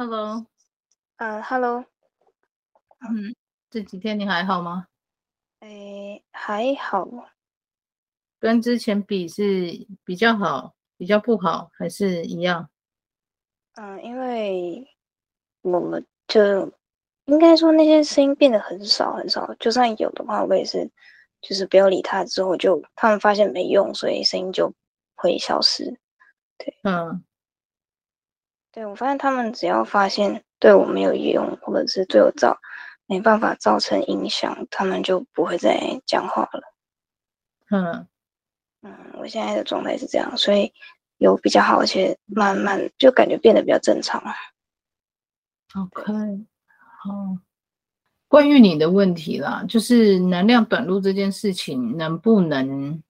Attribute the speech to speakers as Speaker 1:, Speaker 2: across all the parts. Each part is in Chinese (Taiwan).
Speaker 1: Hello，嗯、uh,，Hello，嗯，這幾天你還好嗎？誒、uh,，還好，跟之前比是比較好，比較不好還是一樣？
Speaker 2: 嗯、uh,，因為
Speaker 1: 我們就應該
Speaker 2: 說那些聲音變得很少很少，就算有的話，我也是就是不要理他，之後就他們發現沒用，所以聲音就會消失。
Speaker 1: 對，嗯、uh.。
Speaker 2: 對，我發現他們只要發現對我沒有用，或者是對我造沒辦法造成影響，他們就不會再講話
Speaker 1: 了。
Speaker 2: 嗯，嗯，我現在的狀態是這樣，所以有比較好，而且慢慢就感覺變得比較正常了。
Speaker 1: OK，好。關於你的問題啦，就是能量短路這件事情能不能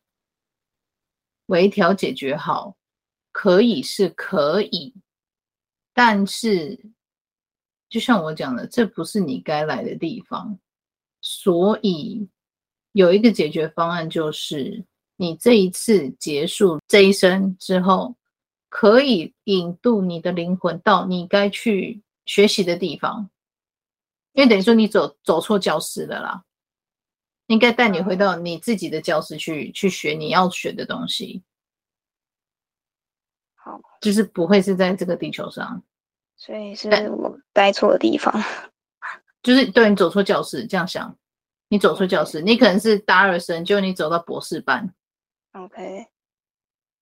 Speaker 1: 微調解決好？可以是可以。但是，就像我講的，這不是你該來的地方，所以有一個解決方案，就是你這一次結束這一生之後，可以引渡你的靈魂到你該去學習的地方，因為等於說你走走錯教室了啦，應該帶你回到你自己的教室去，去學你要學的東西。就是不會是在這個地球上，
Speaker 2: 所以是，是我們待錯地方，
Speaker 1: 就是對你走錯教室這樣想，你走錯教室，okay. 你可能是大二生，就你走到博士班，OK，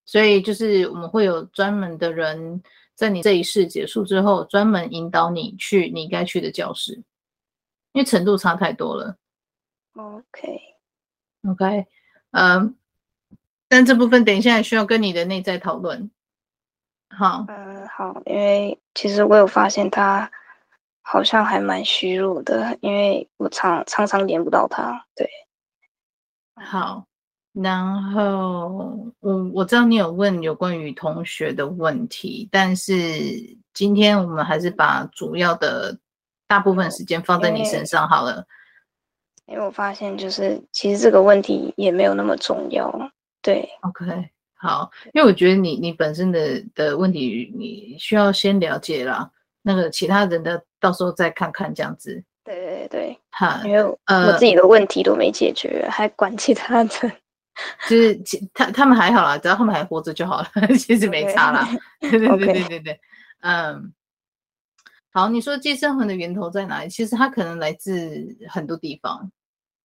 Speaker 1: 所以就是我們會有專門的人在你這一世結束之後，專門引導你去你該去的教室，因為程度差太多了，OK，OK，okay. Okay, 嗯、呃，但這部分等一下需要跟你的內在討論。好，嗯、
Speaker 2: 呃，好，因為其實我有發現他好像還蠻虛弱的，因為我常常常連不到他。
Speaker 1: 對，好，然後我我知道你有問有關於同學的問題，但是今天我們還是把主要的大部分時間放在你身上好了，
Speaker 2: 因為，因為我發現就是其實這個問題也沒有那麼
Speaker 1: 重要。對，OK。好，因為我覺得你你本身的的問題，你需要先了解啦，那個其他人的到時候再看看這樣子。對
Speaker 2: 對對。哈，因為呃，我自己的問題都沒解決，呃、還管其他的，就
Speaker 1: 是他他們還好啦，只要他們還活着就好了，其實沒差啦。Okay, 對對對對對對、okay。嗯，好，你說寄生魂的源頭在哪裡？其實它可能來自很多地方。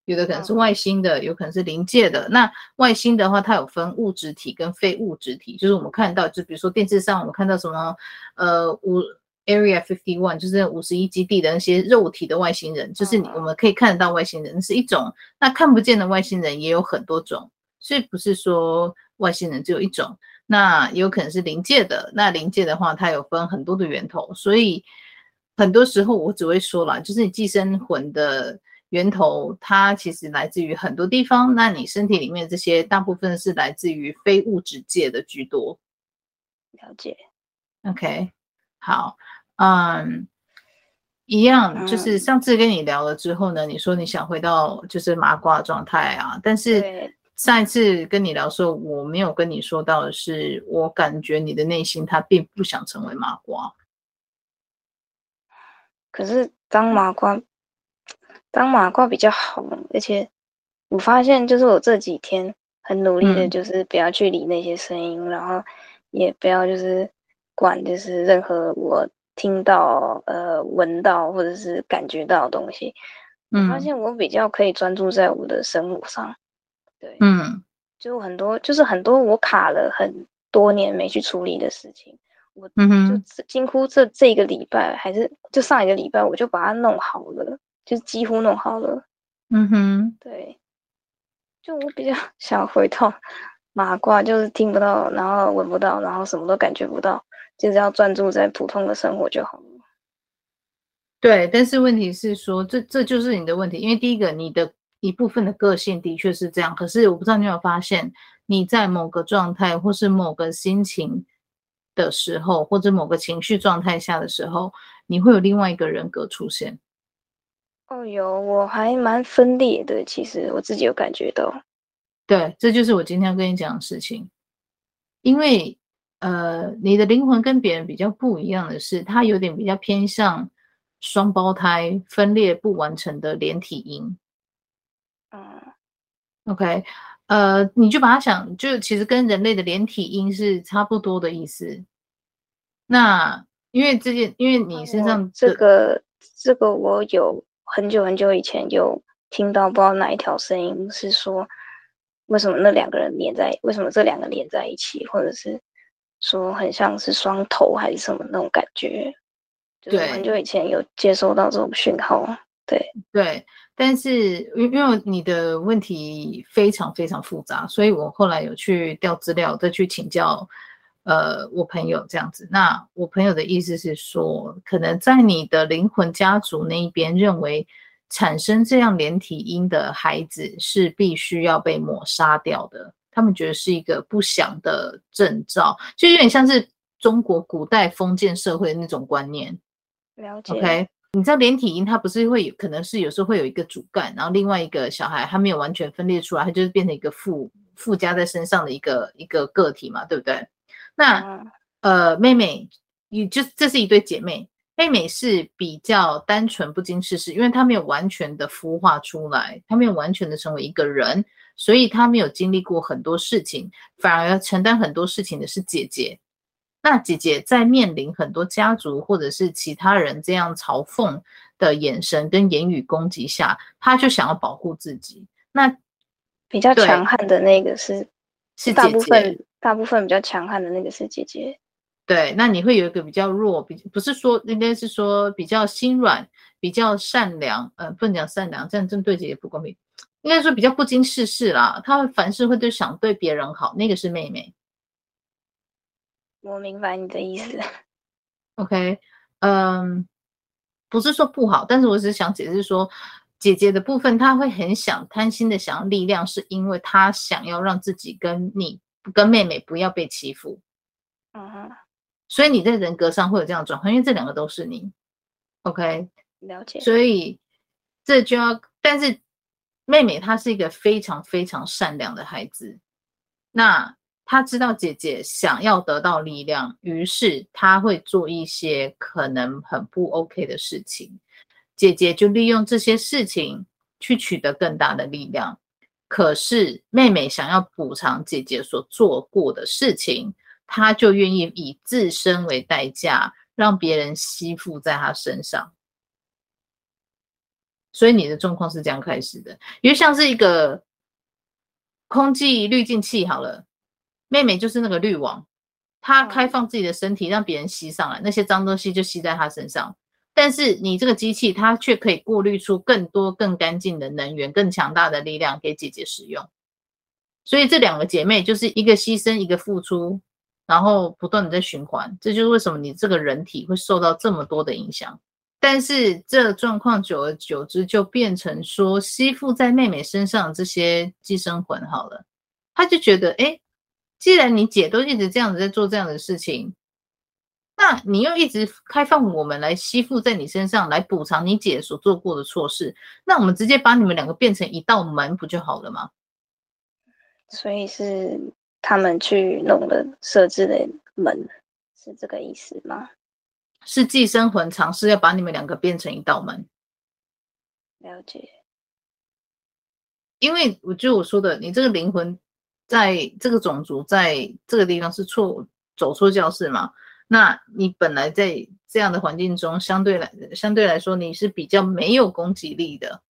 Speaker 1: 有的可能是外星的，有可能是靈界的。那外星的話，它有分物質體跟非物質體，就是我們看到，就是、比如說電視上我們看到什麼，呃，五 Area Fifty One 就是五十一基地的那些肉體的外星人，就是我們可以看得到外星人是一種。那看不見的外星人也有很多種，所以不是說外星人只有一種。那也有可能是靈界的。那靈界的話，它有分很多的源頭，所以很多時候我只會說了，就是你寄生魂的。源頭它其實來自於很多地方，那你身體裡面這些大部分是來自於非物質界的居多，了解？OK，好，嗯，一樣、嗯，就是上次跟你聊了之後呢，你說你想回到就是麻瓜的狀態啊，但是上一次跟你聊的時候，我沒有跟你說到的是，我感覺你的內心他並不想成為麻瓜，可
Speaker 2: 是當麻瓜。當馬褂比較好，而且我發現，就是我這幾天很努力的，就是不要去理那些聲音、嗯，然後也不要就是管就是任何我聽到、呃、聞到或者是感覺到的東西。嗯，
Speaker 1: 發現
Speaker 2: 我比較可以專注在我的生活上、嗯。對，嗯，就很多，就是很多我卡了很多年沒去處理的事情，
Speaker 1: 我就
Speaker 2: 幾乎這這個禮拜還是就上一個禮拜，我就把它弄好了。就幾乎弄好了，嗯哼，對，就我比較想回到麻瓜，就是聽不到，然後聞不到，然後什麼都感覺不到，就是要專注在普通的生活就好了。
Speaker 1: 對，但是問題是說，這這就是你的問題，因為第一個，你的一部分的個性的確是這樣，可是我不知道你有沒有發現，你在某個狀態，或是某個心情的時候，或者某個情緒狀態下的時候，你會有另外一個人格出現。
Speaker 2: 哦，有，我還蠻分裂的，其實我自己有感覺到。
Speaker 1: 對，這就是我今天要跟你講的事情。因為，呃，你的靈魂跟別人比較不一樣的是，它有點比較偏向雙胞胎分裂不完成的連體嬰。嗯。OK，呃，你就把它想，就其實跟人類的連體嬰是差不多的意思。那因為這件，因為你身上、嗯、這個，這個我有。
Speaker 2: 很久很久以前有聽到不知道哪一條聲音是說，為什麼那兩個人連在，為什麼這兩個連在一起，或者是說很像是雙頭還是什麼那種感覺，就是很久以前有接收到這種訊號。對
Speaker 1: 對、對、對，但是因因為你的問題非常非常複雜，所以我後來有去調資料，再去請教。呃，我朋友這樣子，那我朋友的意思是說，可能在你的靈魂家族那一邊認為，產生這樣連體嬰的孩子是必須要被抹殺掉的，他們覺得是一個不祥的徵兆，就有點像是中國古代封建社會的那種觀念。
Speaker 2: 了解。
Speaker 1: OK，你知道連體嬰他不是會有可能是有時候會有一個主幹，然後另外一個小孩他沒有完全分裂出來，他就是變成一個附附加在身上的一個一個個體嘛，對不對？那，呃，妹妹，你就這是一對姐妹。妹妹是比較單純，不經世事，因為她沒有完全的孵化出來，她沒有完全的成為一個人，所以她沒有經歷過很多事情，反而承擔很多事情的是姐姐。那姐姐在面臨很多家族或者是其他人這樣嘲諷的眼神跟言語攻擊下，她就想要保護自己。那比較強悍的那個是是，是姐姐。
Speaker 2: 大部分比較強悍的那個是姐姐，
Speaker 1: 對，那你會有一個比較弱，比不是說應該是說比較心軟，比較善良，呃，不能講善良，這樣正對姐姐不公平，應該說比較不經世事啦。她凡事會對，想對別人好，那個是妹妹。
Speaker 2: 我明白你的意思。
Speaker 1: OK，嗯，不是說不好，但是我只是想解釋說，姐姐的部分，她會很想貪心的想要力量，是因為她想要讓自己跟你，跟妹妹不要被欺負，嗯
Speaker 2: 哼，
Speaker 1: 所以你在人格上會有這樣的轉換，因為這兩個都是你，OK，了解。所以這就要，但是妹妹她是一個非常非常善良的孩子，那她知道姐姐想要得到力量，於是她會做一些可能很不 OK 的事情，姐姐就利用這些事情去取得更大的力量。可是妹妹想要補償姐姐所做過的事情，她就願意以自身為代價，讓別人吸附在她身上。所以你的狀況是這樣開始的，因為像是一個空氣濾淨器好了，妹妹就是那個濾網，她開放自己的身體，讓別人吸上來，那些髒東西就吸在她身上。但是你這個機器，它卻可以過濾出更多、更乾淨的能源，更強大的力量給姐姐使用。所以這兩個姐妹就是一個犧牲，一個付出，然後不斷的在循環。這就是為什麼你這個人體會受到這麼多的影響。但是這狀況久而久之就變成說，吸附在妹妹身上這些寄生魂好了，她就覺得，誒，既然你姐都一直這樣子在做這樣的事情。那你又一直開放我們來吸附在你身上，來補償你姐所做過的錯事。那我們直接把你們兩個變成一道門，不就好了嗎？
Speaker 2: 所以是他們去弄的設置的門，是這個意
Speaker 1: 思嗎？是寄生魂嘗試要把你們兩個變成一道門。了解。因為我就我說的，你這個靈魂在這個種族在這個地方是錯，走錯教室嘛。那你本來在這樣的環境中，相對來相對來說你是比較沒有攻擊力的，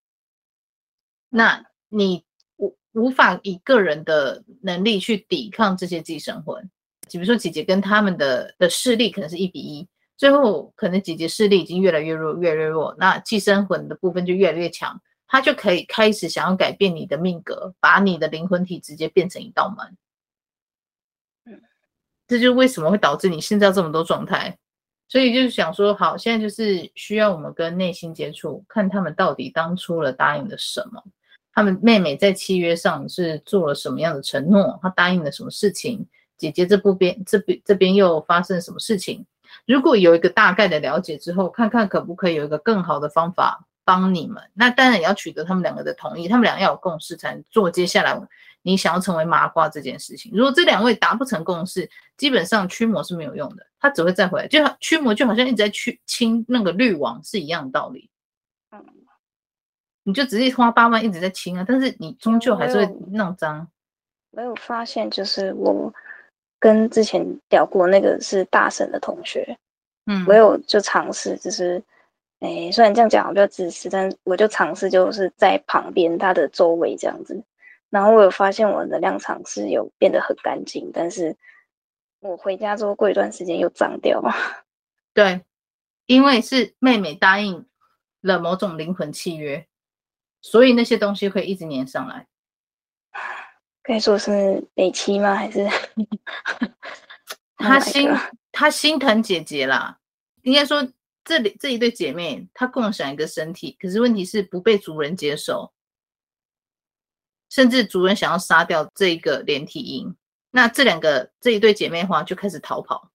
Speaker 1: 那你無無法以個人的能力去抵抗這些寄生魂。比如說姐姐跟他們的的勢力可能是一比一，最後可能姐姐勢力已經越來越弱，越來越弱，那寄生魂的部分就越來越強，他就可以開始想要改變你的命格，把你的靈魂體直接變成一道門。這就是為什麼會導致你現在這麼多狀態，所以就是想說，好，現在就是需要我們跟內心接觸，看他們到底當初了答應了什麼，他們妹妹在契約上是做了什麼樣的承諾，她答應了什麼事情，姐姐這部邊這邊這邊又發生了什麼事情？如果有一個大概的了解之後，看看可不可以有一個更好的方法幫你們。那當然也要取得他們兩個的同意，他們兩個要有共識才能做接下來。你想要成為麻瓜這件事情，如果這兩位達不成共識，基本上驅魔是沒有用的，他只會再回來。就好驅魔就好像一直在驅清那個濾網是一樣的道理。嗯，你就直接花八萬一直在清啊，但是你終究還是會弄髒。
Speaker 2: 我沒有，我有發現，就是我跟之前聊過那個是大神的同學，嗯，我有就嘗試，就是，哎、欸，雖然這樣講我比較自私，但我就嘗試就是在旁邊他的周圍這樣子。然後我有發現我的能量場是有變得很乾淨，但是我回家之後過一段時間又髒掉了。
Speaker 1: 對，因為是妹妹答應了某種靈魂契約，所以那些東西可以一直黏上來。可以說是美期嗎？還是她 心她、oh、心疼姐姐啦，應該說這裡這一對姐妹，她共享一個身體，可是問題是不被主人接受。甚至主人想要殺掉這個連體嬰，那這兩個這一對姐妹花就開始逃跑。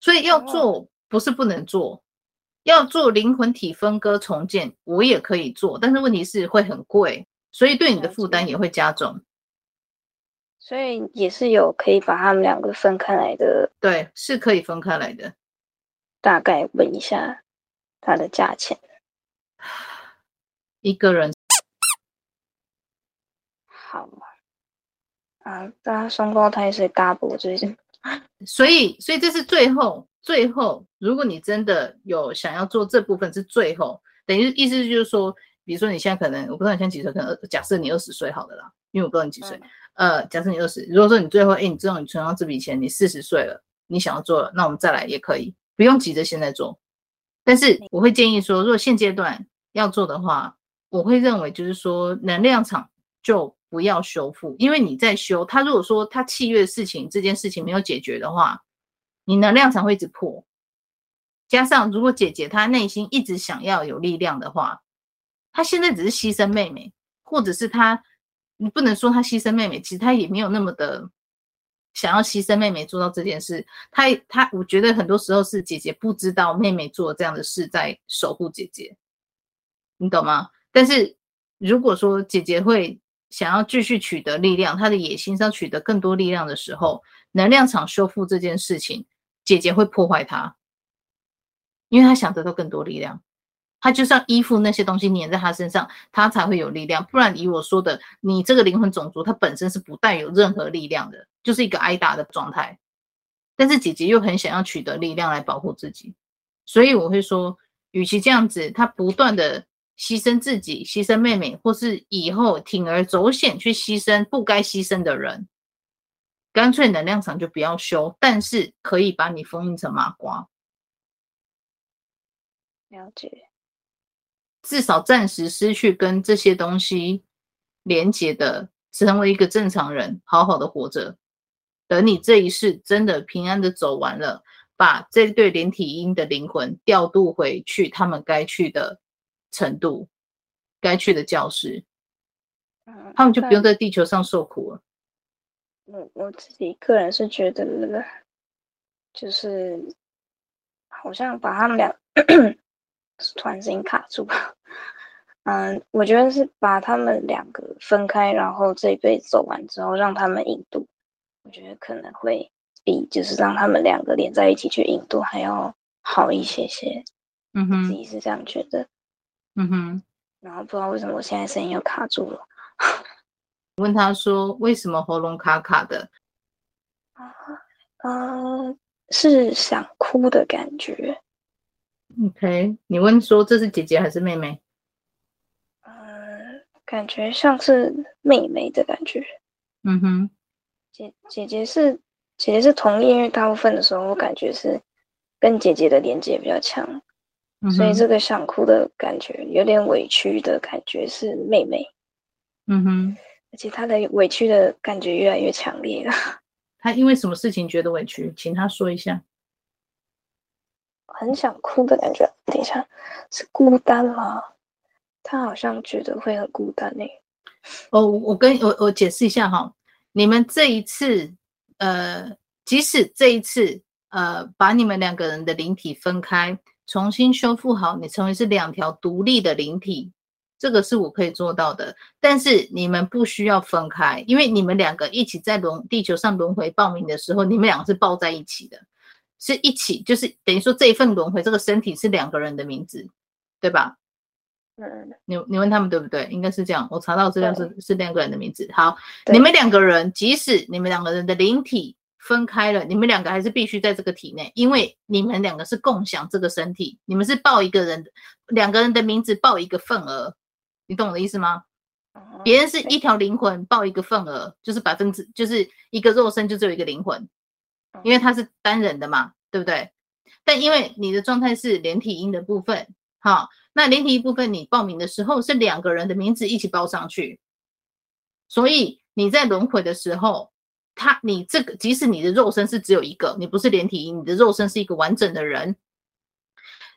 Speaker 1: 所以要做，哦，不是不能做，要做靈魂體分割重建，我也可以做，但是問題是會很貴，所以對你的負擔也會加重。
Speaker 2: 所以也是有可以把他們兩個分開來的，
Speaker 1: 對，是可以分開來的。
Speaker 2: 大概問一下他的價錢，
Speaker 1: 一個人。好嘛，啊，大家雙胞胎是大補最近，所以所以這是最後最後，如果你真的有想要做這部分是最後，等於意思就是說，比如說你現在可能我不知道你現在幾歲，可能假設你二十歲好了啦，因為我不知道你幾歲，嗯、呃，假設你二十，如果說你最後哎，你知道你存到這筆錢，你四十歲了，你想要做了，那我們再來也可以，不用急着現在做，但是我會建議說，如果現階段要做的話，我會認為就是說能量場就。不要修復，因為你在修他。如果說他契約的事情這件事情沒有解決的話，你能量場會一直破。加上如果姐姐她內心一直想要有力量的話，她現在只是犧牲妹妹，或者是她你不能說她犧牲妹妹，其實她也沒有那麼的想要犧牲妹妹做到這件事。她她，我覺得很多時候是姐姐不知道妹妹做這樣的事在守護姐姐，你懂嗎？但是如果說姐姐會。想要繼續取得力量，他的野心是要取得更多力量的時候，能量場修復這件事情，姐姐會破壞他，因為他想得到更多力量，他就是要依附那些東西粘在他身上，他才會有力量。不然以我說的，你這個靈魂種族，它本身是不帶有任何力量的，就是一個挨打的狀態。但是姐姐又很想要取得力量來保護自己，所以我會說，與其這樣子，他不斷的。犧牲自己，犧牲妹妹，或是以後鋌而走險去犧牲不該犧牲的人，乾脆能量場就不要修，但是可以把你封印成麻瓜。了解，至少暫時失去跟這些東西連接的，成為一個正常人，好好的活着。等你這一世真的平安的走完了，把這對連體嬰的靈魂調度回去，他們該去的。程度該去的教室，他們就不用在地球上受苦了。
Speaker 2: 嗯，我我自己個人是覺得那個就是好像把他們倆 突然之間卡住吧。嗯，我覺得是把他們兩個分開，然後這一輩走完之後，讓他們引渡。我覺得可能會比就是讓他們兩個連在一起去引渡還要好一些些。嗯哼，自己是這樣覺得。嗯哼，然後不知道為什麼我現在聲音又卡住
Speaker 1: 了。 問他說為什麼喉嚨卡卡的？
Speaker 2: 啊，啊，是想哭的感覺。
Speaker 1: OK，你問說這是姐姐還是妹妹？嗯、
Speaker 2: 呃，感覺像是妹妹的感覺。
Speaker 1: 嗯哼，
Speaker 2: 姐姐姐是姐姐是同意，因為大部分的時候我感覺是跟姐姐的連接比較強。所以這個想哭的感覺，有點委屈的感覺是妹妹，嗯
Speaker 1: 哼，
Speaker 2: 而且她的委屈的感覺越來越強烈了。
Speaker 1: 她因為什麼事情覺得委屈？請她說一下。
Speaker 2: 很想哭的感覺，等一下，是孤單嗎？她好像覺得會很孤單呢、欸。
Speaker 1: 哦，我跟我我解釋一下哈，你們這一次，呃，即使這一次，呃，把你們兩個人的靈體分開，重新修復好，你成為是兩條獨立的靈體，這個是我可以做到的。但是你們不需要分開，因為你們兩個一起在輪地球上輪迴報名的時候，你們兩個是抱在一起的，是一起，就是等於說這一份輪迴這個身體是兩個人的名字，對吧？嗯，你你問他們對不對？應該是這樣，我查到資料是是兩個人的名字。好，你們兩個人，即使你們兩個人的靈體。分開了，你們兩個還是必須在這個體內，因為你們兩個是共享這個身體，你們是報一個人，兩個人的名字報一個份額，你懂我的意思嗎？okay. 別人是一條靈魂報一個份額，就是百分之，就是一個肉身就只有一個靈魂，因為它是單人的嘛，對不對？但因為你的狀態是連體嬰的部分，好，那連體嬰部分你報名的時候是兩個人的名字一起報上去，所以你在輪回的時候。他，你這個即使你的肉身是只有一個，你不是連體嬰，你的肉身是一個完整的人。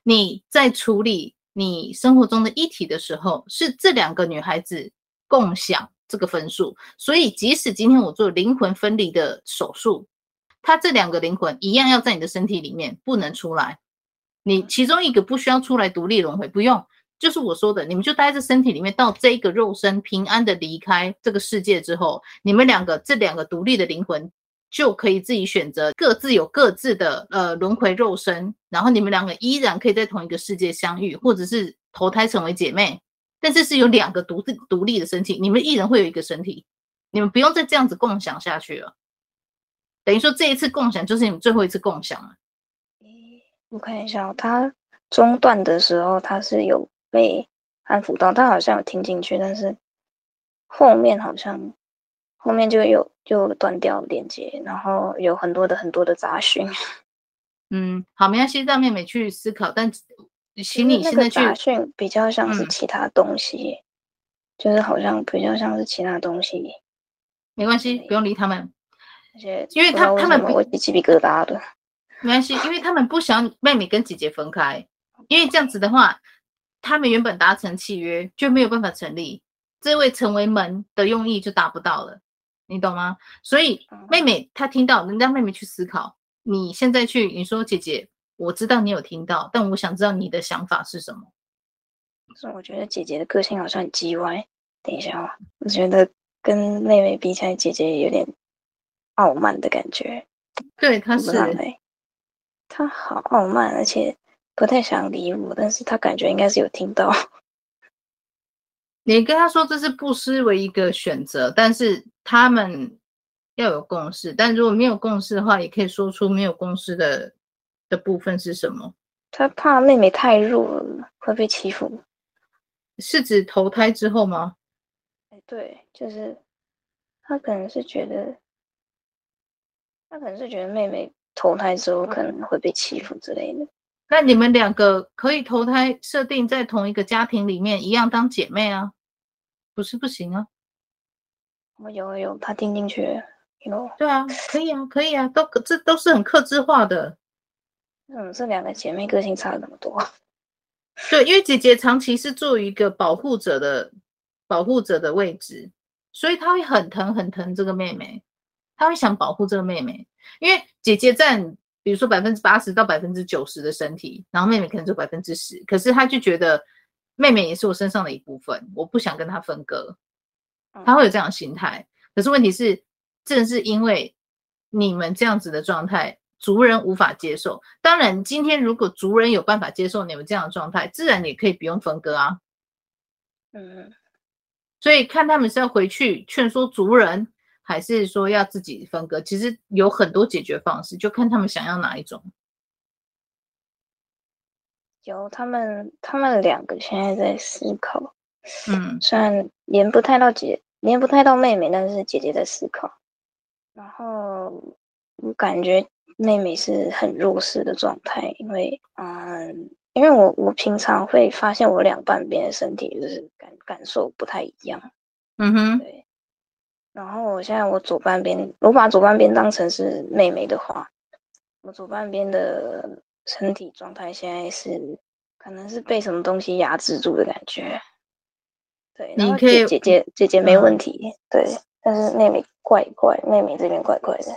Speaker 1: 你在處理你生活中的一體的時候，是這兩個女孩子共享這個分數。所以，即使今天我做靈魂分離的手術，她這兩個靈魂一樣要在你的身體裡面，不能出來。你其中一個不需要出來獨立輪迴，不用。就是我說的，你們就待在身體裡面，到這個肉身平安的離開這個世界之後，你們兩個這兩個獨立的靈魂就可以自己選擇，各自有各自的呃輪迴肉身，然後你們兩個依然可以在同一個世界相遇，或者是投胎成為姐妹，但是是有兩個獨自獨立的身體，你們一人會有一個身體，你們不用再這樣子共享下去了。等於說這一次共享就是你們最後一次共享了。
Speaker 2: 我看一下，他中斷的時候他是有。被安撫到，他好像有聽進去，但是後面好像後面就有，就斷掉連結，然後有很多的很多的雜訊。嗯，
Speaker 1: 好，沒關係，讓妹妹去思考，但請你現在去雜訊比較像是
Speaker 2: 其他東西、嗯，就是好像比較像是其他東西。沒
Speaker 1: 關係，不用理他們那
Speaker 2: 些，因為他,他們不會起雞皮疙瘩的。
Speaker 1: 沒關係，因為他們不想妹妹跟姐姐分開， 因為這樣子的話。他們原本達成契約就沒有辦法成立，這位成為門的用意就達不到了，你懂嗎？所以妹妹、嗯、她聽到能讓，妹妹去思考，你現在去你說姐姐，我知道你有聽到，但我想知道你的想法是什麼。
Speaker 2: 所以我覺得姐姐的個性好像很機歪。等一下啊，我
Speaker 1: 覺得跟妹妹比起來，
Speaker 2: 姐姐有點傲慢的感覺。
Speaker 1: 對，她是，
Speaker 2: 她好傲慢，而且。不太想理我，但是他感覺應該是有聽到。
Speaker 1: 你跟他說，這是不失為一個選擇，但是他們要有共識。但如果沒有共識的話，也可以說出沒有共識的的部分是什麼。
Speaker 2: 他怕妹妹太弱了會被欺負，
Speaker 1: 是指投胎之後嗎？
Speaker 2: 哎，對，就是他可能是覺得，他可能是覺得妹妹投胎之後可能會被欺負之類的。
Speaker 1: 那你們兩個可以投胎設定在同一個家庭裡面，一樣當姐妹啊，不是不行啊。
Speaker 2: 有有有，他
Speaker 1: 聽進去有。對啊，可以啊，可以啊，都這都是很客製化的。嗯，這兩個姐妹個性差了那麼多。對，因為姐姐長期是做一個保護者的保護者的位置，所以她會很疼很疼這個妹妹，她會想保護這個妹妹，因為姐姐在。比如說百分之八十到百分之九十的身體，然後妹妹可能就百分之十，可是他就覺得妹妹也是我身上的一部分，我不想跟她分割，他會有這樣的心態。可是問題是，正是因為你們這樣子的狀態，族人無法接受。當然，今天如果族人有辦法接受你們這樣的狀態，自然也可以不用分割啊。嗯，所以看他們是要回去勸說族人。還是說要自己分割，其實有很多解決方式，就看他們想要哪一種。
Speaker 2: 有他們，他們兩個現在在思考。嗯，雖然連不太到姐，連不太到妹妹，但是姐姐在思考。然後我感覺妹妹是很弱勢的狀態，因為，嗯，因為我我平常會發現我兩半邊的身體就是感感受不太一樣。嗯哼，對。然後我現在我左半邊，我把左半邊當成是妹妹的話，我左半邊的身體狀態現在是，可能是被什麼東西壓制住的感覺。對，
Speaker 1: 姐姐姐，你可以。
Speaker 2: 姐姐姐姐沒問題，嗯，對，
Speaker 1: 但是妹妹怪怪，妹妹這邊怪怪的。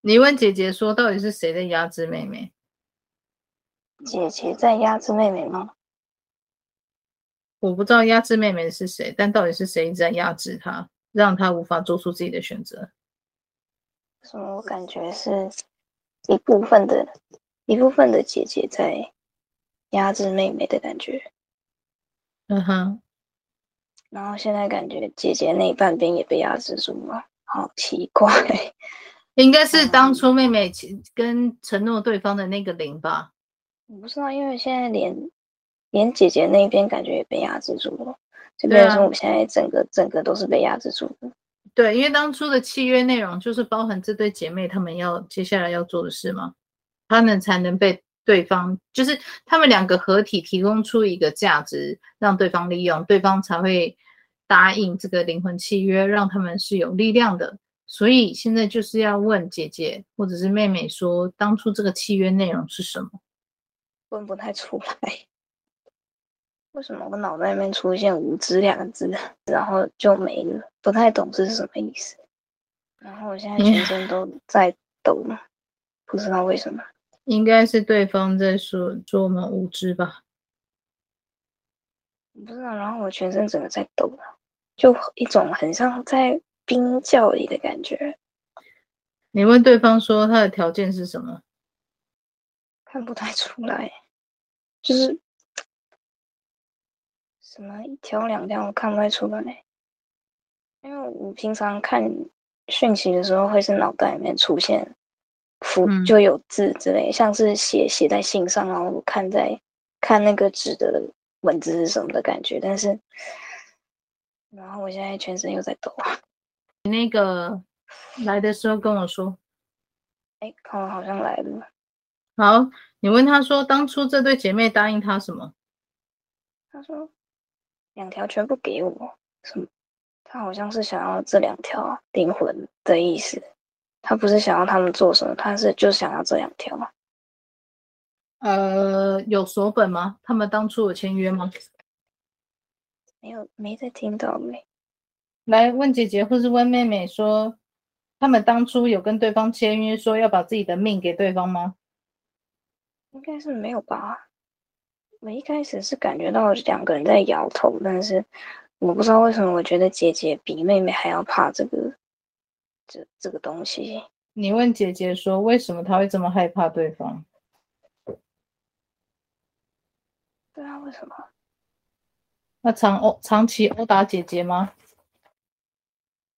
Speaker 1: 你問姐姐說，到底是誰在壓制妹妹？姐姐在壓制妹妹嗎？我不知道壓制妹妹是誰，但到底是誰在壓制她？讓他無法做出自己的選擇。
Speaker 2: 什麼？我感覺是一部分的，一部分的姐姐在壓制妹妹的感覺。
Speaker 1: 嗯哼。然
Speaker 2: 後現在感覺姐姐那一半邊也被壓制住了，好奇怪。
Speaker 1: 應該是當初妹妹跟承諾對方的那個靈吧。嗯，
Speaker 2: 我不知道，因為現在連連姐姐那邊感覺也被壓制住了。對啊，我們現在整個、啊、整個都是被壓制住
Speaker 1: 的。對，因為當初的契約內容就是包含這對姐妹他們要接下來要做的事嘛，他們才能被對方，就是他們兩個合體提供出一個價值，讓對方利用，對方才會答應這個靈魂契約，讓他們是有力量的。所以現在就是要問姐姐或者是妹妹說，當初這個契約內容是什麼？問不太出來。
Speaker 2: 為什麼我腦袋裡面出現“無知”兩個字，然後就沒了？不太懂這是什麼意思。然後我現在全身都在抖呢、哎，不知道為什麼。
Speaker 1: 應該是對方在說說我們無知吧。
Speaker 2: 不知道。然後我全身整個在抖，就一種很像在冰窖裡的
Speaker 1: 感覺。你問對方說他的條件是什麼？
Speaker 2: 看不太出來，就是。怎麼一條兩條我看不太出來呢？因為我平常看訊息的時候，會是腦袋裡面出現符，就有字之類、嗯，像是寫寫在信上，然後看在看那個紙的文字是什麼的感覺。但是，然後我現在全身又在抖。你那個
Speaker 1: 來的時候跟我說，哎，我好，好像來了。好，你問他說當初這對姐妹答應他什麼？
Speaker 2: 他說。兩條全部給我什麼？他好像是想要這兩條、啊、靈魂的意思。他不是想要他們做什麼，他是就想要這兩條、啊、
Speaker 1: 呃，有鎖本嗎？他們當初有簽約嗎？沒有，沒再聽到沒？來問姐姐，或是問妹妹說，說他們當初有跟對方簽約，說要把自己的命給對方嗎？
Speaker 2: 應該是沒有吧。我一開始是感覺到兩個人在搖頭，但是我不知道為什麼，我覺得姐姐比妹妹還要怕這個，這這個東西。
Speaker 1: 你問姐姐說為什麼她會這麼害怕對方？
Speaker 2: 對啊，為什麼？
Speaker 1: 那長毆長期毆打姐姐嗎？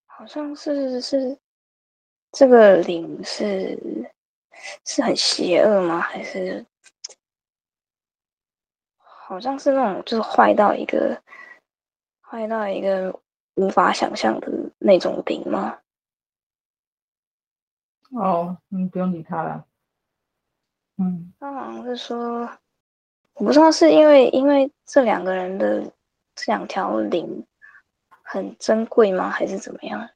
Speaker 2: 好像是是，是，這個靈是是很邪惡嗎？還是？好像是那種就是壞到一個，壞到一個無法想象的那種靈嗎？
Speaker 1: 哦，嗯，不用理他了。嗯，
Speaker 2: 他好像是說，我不知道是因為因為這兩個人的這兩條靈很珍貴嗎？還是怎麼樣？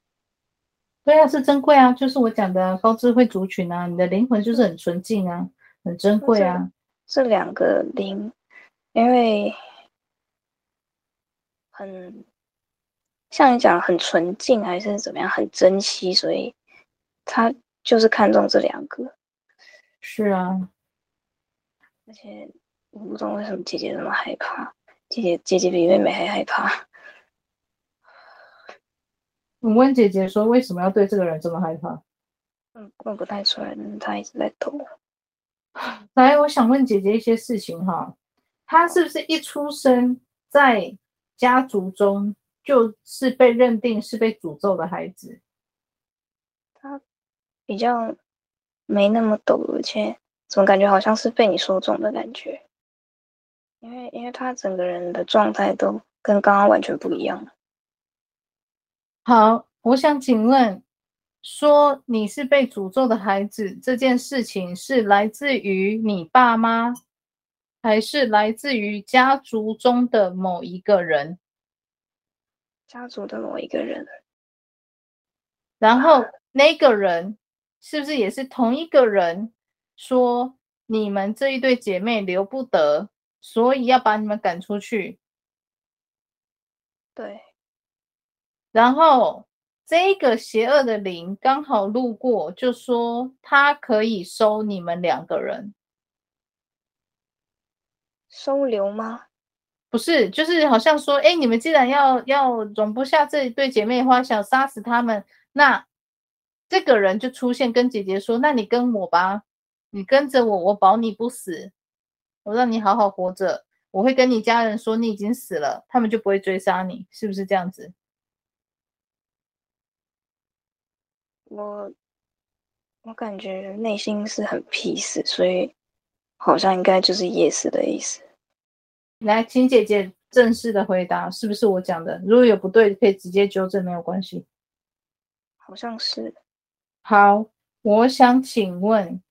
Speaker 1: 對啊，是珍貴啊，就是我講的高智慧族群啊，你的靈魂就是很純淨啊，很珍貴啊。這兩個靈。因為
Speaker 2: 很像你講很純淨還是怎麼樣，很珍惜，所以他就是看中這兩個。是啊，而且我不懂為什麼姐姐那麼害怕，姐姐姐姐比妹妹還害
Speaker 1: 怕。我問姐姐說為什麼要對這個人這麼害怕？嗯，問不太出來，但她一直在抖。來，我想問姐姐一些事情哈。他是不是一出生在家族中就是被認定是被詛咒的孩子？
Speaker 2: 他比較沒那麼抖，而且總感覺好像是被你說中的感覺？因為因為他整個人的狀態
Speaker 1: 都跟剛剛完全不一樣了。好，我想請問，說你是被詛咒的孩子，這件事情是來自於你爸媽？還是來自於家族中的某一個人，家族的某一個人。然後、啊、那個人是不是也是同一個人？說你們這一對姐妹留不得，所以要把你們趕出去。對。然後這個邪惡的靈剛好路過，就說他可以收你們兩個人。收留嗎？不是，就是好像說，哎，你們既然要要容不下這一對姐妹花，想殺死他們，那這個人就出現，跟姐姐說，那你跟我吧，你跟着我，我保你不死，我讓你好好活着，我會跟你家人說你已經死了，他們就不會追殺你，是不是這樣子？我我感覺內心是很 peace，
Speaker 2: 所以。好像應該就是 yes 的意思。
Speaker 1: 來，請姐姐正式的回答，是不是我講的？如果有不對，可以直接糾正，沒有關係。
Speaker 2: 好
Speaker 1: 像是。好，我想請問，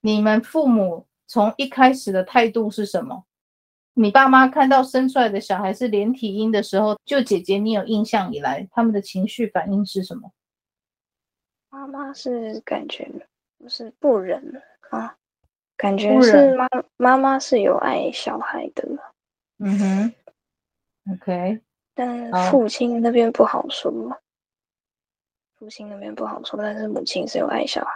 Speaker 1: 你們父母從一開始的態度是什麼？你爸媽看到生出來的小孩是連體嬰的時候，就姐姐你有印象以來，他們的情緒反應是什麼？
Speaker 2: 媽媽是感覺，就是不忍啊。感覺是媽媽媽是有愛小孩的，嗯哼，OK，但父親那邊不好說，
Speaker 1: 父親那邊不好說，但是母親是有愛小孩。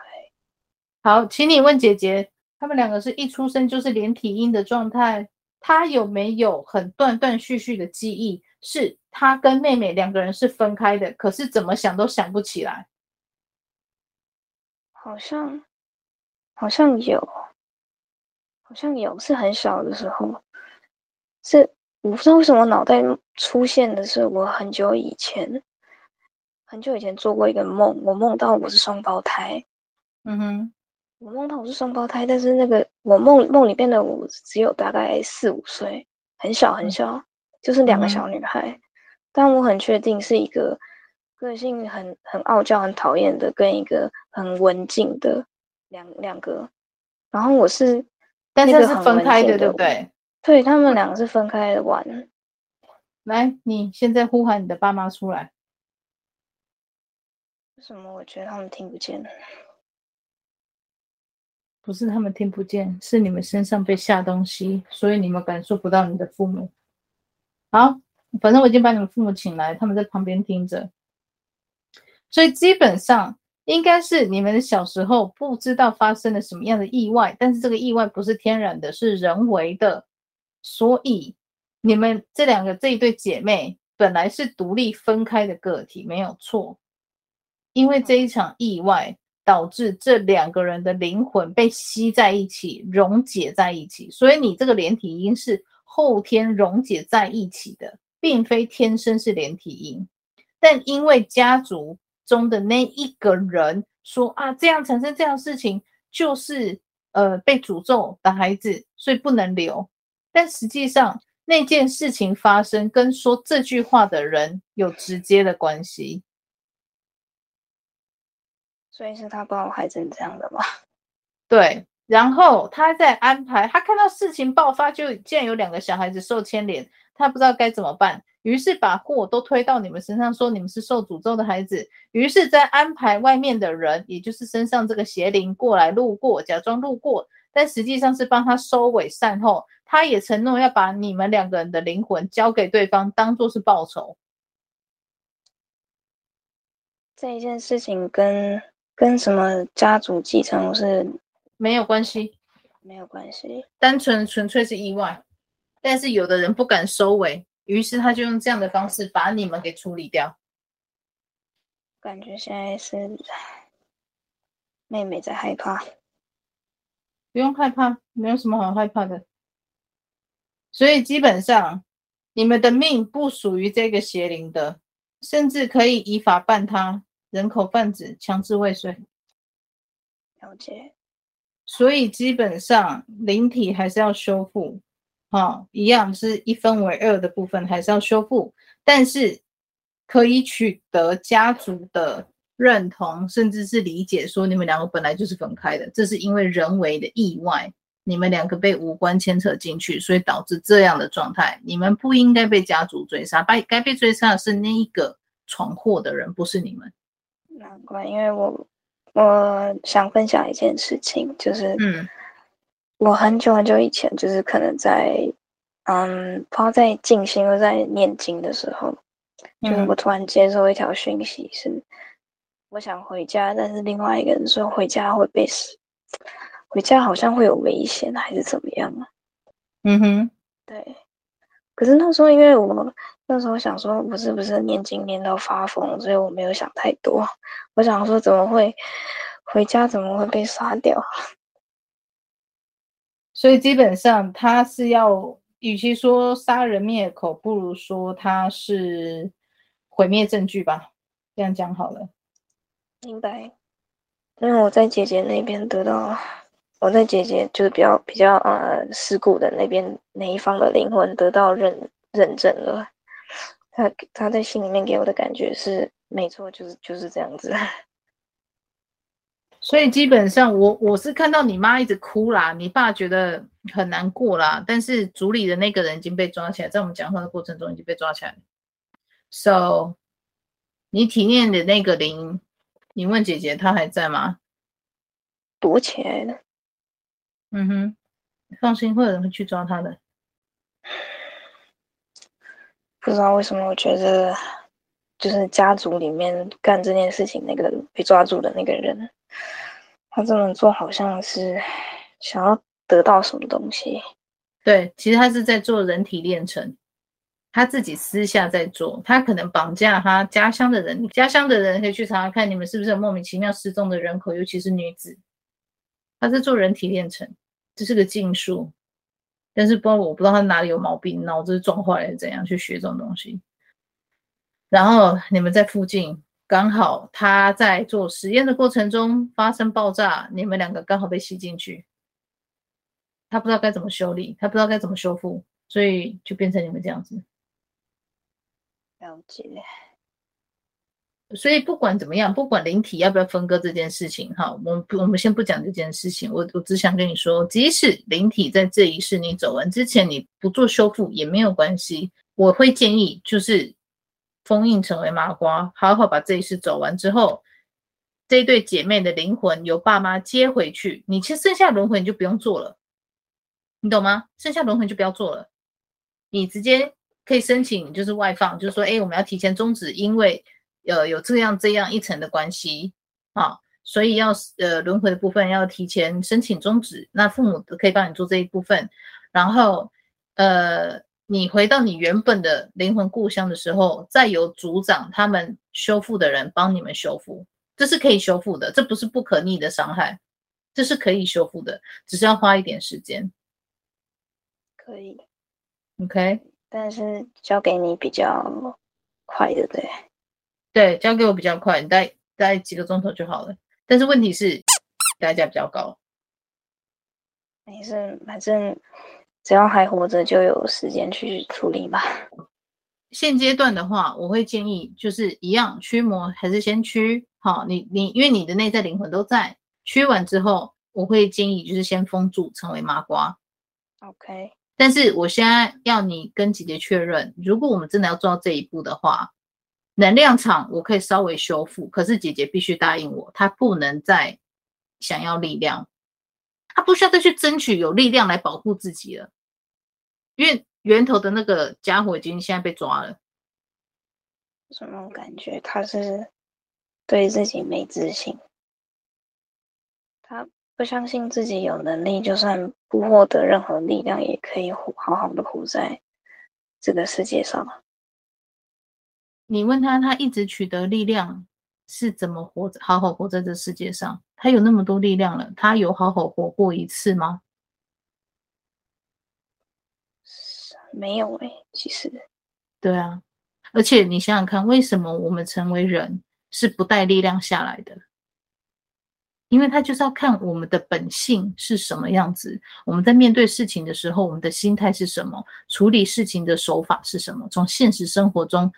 Speaker 1: 好，請你問姐姐，他們兩個是一出生就是連體嬰的狀態，他有沒有很斷斷續續的記憶？是他跟妹妹兩個人是分開的，可是怎麼想都想不起來？
Speaker 2: 好像，好像有。好像有，是很小的時候，是我不知道為什麼腦袋出現的是我很久以前，很久以前做過一個夢，我夢到我是雙胞胎，嗯哼，我夢到我是雙胞胎，但是那個我夢夢裡邊的我只有大概四五歲，很小很小，嗯、就是兩個小女孩、嗯，但我很確定是一個個性很很傲嬌很討厭的跟一個很文靜的兩兩個，然後我是。但是分、那個、是分開的，對
Speaker 1: 不對？對，他們兩個是分開玩的玩、嗯。來，你現在呼喊你的爸媽出來。
Speaker 2: 為什麼我覺得他們聽不見？
Speaker 1: 不是他們聽不見，是你們身上被下東西，所以你們感受不到你的父母。好，反正我已經把你們父母請來，他們在旁邊聽着。所以基本上。應該是你們小時候不知道發生了什麼樣的意外，但是這個意外不是天然的，是人為的。所以你們這兩個這一對姐妹本來是獨立分開的個體，沒有錯。因為這一場意外導致這兩個人的靈魂被吸在一起，溶解在一起。所以你這個連體嬰是後天溶解在一起的，並非天生是連體嬰。但因為家族。中的那一個人說：“啊，這樣產生這樣事情，就是呃被詛咒的孩子，所以不能留。”但實際上，那件事情發生跟說這句話的人有直接的關係，所以是他抱孩子這樣的嗎？對。然後他在安排，他看到事情爆發就，就竟然有兩個小孩子受牽連，他不知道該怎麼辦。於是把禍都推到你們身上，說你們是受詛咒的孩子。於是再安排外面的人，也就是身上這個邪靈過來路過，假裝路過，但實際上是幫他收尾善後。他也承諾要把你們兩個人的靈魂交給對方，當做是報酬。
Speaker 2: 這一件事情跟跟什麼家族繼承是
Speaker 1: 沒有關係，沒有關係，單純純粹是意外。但是有的人不敢收尾。於是他就用這樣的方式把你們給處理掉。感覺現在是妹妹在害怕，不用害怕，沒有什麼好害怕的。所以基本上你們的命不屬於這個邪靈的，甚至可以依法辦他，人口販子、強制未遂。
Speaker 2: 了解。
Speaker 1: 所以基本上靈體還是要修復。哦，一樣是一分為二的部分，還是要修復，但是可以取得家族的認同，甚至是理解，說你們兩個本來就是分開的，這是因為人為的意外，你們兩個被無關牽扯進去，所以導致這樣的狀態。你們不應該被家族追殺，該該被追殺的是那一個闖禍的人，不是你們。
Speaker 2: 難怪，因為我我想分享一件事情，就是嗯。我很久很久以前，就是可能在，嗯，怕在靜心又在念經的時候、嗯，就是我突然接受一條訊息，是我想回家，但是另外一個人說回家會被死，回家好像會有危險還是怎麼樣呢？嗯哼，對。可是那時候因為我那時候想說不是不是念經念到發瘋，所以我沒有想太多。我想說怎麼會回家怎麼會被殺掉？
Speaker 1: 所以基本上他是要，與其說殺人滅口，不如說他是毀滅證據吧，這樣講好了。
Speaker 2: 明白。因為我在姐姐那邊得到，我在姐姐就是比較比較啊、呃，事故的那邊哪一方的靈魂得到認認證
Speaker 1: 了，他他在心裡面給我的感覺是
Speaker 2: 沒錯，就是就是這樣子。
Speaker 1: 所以基本上我，我我是看到你媽一直哭啦，你爸覺得很難過啦，但是組裡的那個人已經被抓起來，在我們講話的過程中已經被抓起來了。So，你體驗的那個靈，你問姐姐，他還在嗎？躲起來了。嗯哼，放心，會有人會去抓他的。
Speaker 2: 不知道為什麼，我覺得就是家族裡面幹這件事情那個被抓住的那個人。他這麼做好像是想要得到什麼東西。
Speaker 1: 對，其實他是在做人體煉成，他自己私下在做。他可能綁架他家鄉的人，家鄉的人可以去查查看，你們是不是有莫名其妙失蹤的人口，尤其是女子。他是做人體煉成，這是個禁術。但是，不知道，我不知道他哪裡有毛病，腦子撞壞了，怎樣去學這種東西。然後，你們在附近。剛好他在做實驗的過程中發生爆炸，你們兩個剛好被吸進去。他不知道該怎麼修理，他不知道該怎麼修復，所以就變成你們這樣子。
Speaker 2: 了解。
Speaker 1: 所以不管怎麼樣，不管靈體要不要分割這件事情，哈，我我們先不講這件事情。我我只想跟你說，即使靈體在這一世你走完之前你不做修復也沒有關係。我會建議就是。封印，成為麻瓜，好好把這一世走完之後，這一對姐妹的靈魂由爸媽接回去。你其實剩下輪迴你就不用做了，你懂嗎？剩下輪迴就不要做了，你直接可以申請就是外放，就是說，哎，我們要提前終止，因為呃有這樣這樣一層的關係啊，所以要呃輪迴的部分要提前申請終止。那父母可以幫你做這一部分，然後呃。你回到你原本的靈魂故鄉的時候，再由組長他們修復的人幫你們修復，這是可以修復的，這不是不可逆的傷害，這是可以修復的，只是要花一點時間。
Speaker 2: 可以，OK，但是交給你比較
Speaker 1: 快的，對不對？對，交給我比較快，你待待幾個鐘頭就好了。但是問題是代價比較高。
Speaker 2: 沒事，反正。只要還活着，就有時間去處理吧。
Speaker 1: 現階段的話，我會建議就是一樣，驅魔還是先驅。好、哦，你你因為你的內在靈魂都在，驅完之後，我會建議就是先封住，成為麻瓜。OK。但是我現在要你跟姐姐確認，如果我們真的要做到這一步的話，能量場我可以稍微修復，可是姐姐必須答應我，她不能再想要力量，她不需要再去爭取有力量來保護自己了。因為源頭的那個家夥已經現在被抓了，什麼感覺？他是對自
Speaker 2: 己沒自信，他不相信自己有能力，就算不獲得任何力量，也可以活好好的活在這個世界
Speaker 1: 上。你問他，他一直取得力量，是怎麼活，好好活在這個世界上？他有那麼多力量了，他有好好活過一次嗎？
Speaker 2: 沒
Speaker 1: 有欸，其實，對啊，而且你想想看，為什麼我們成為人是不帶力量下來的？因為他就是要看我們的本性是什麼樣子，我們在面對事情的時候，我們的心態是什麼，處理事情的手法是什麼。從現實生活中，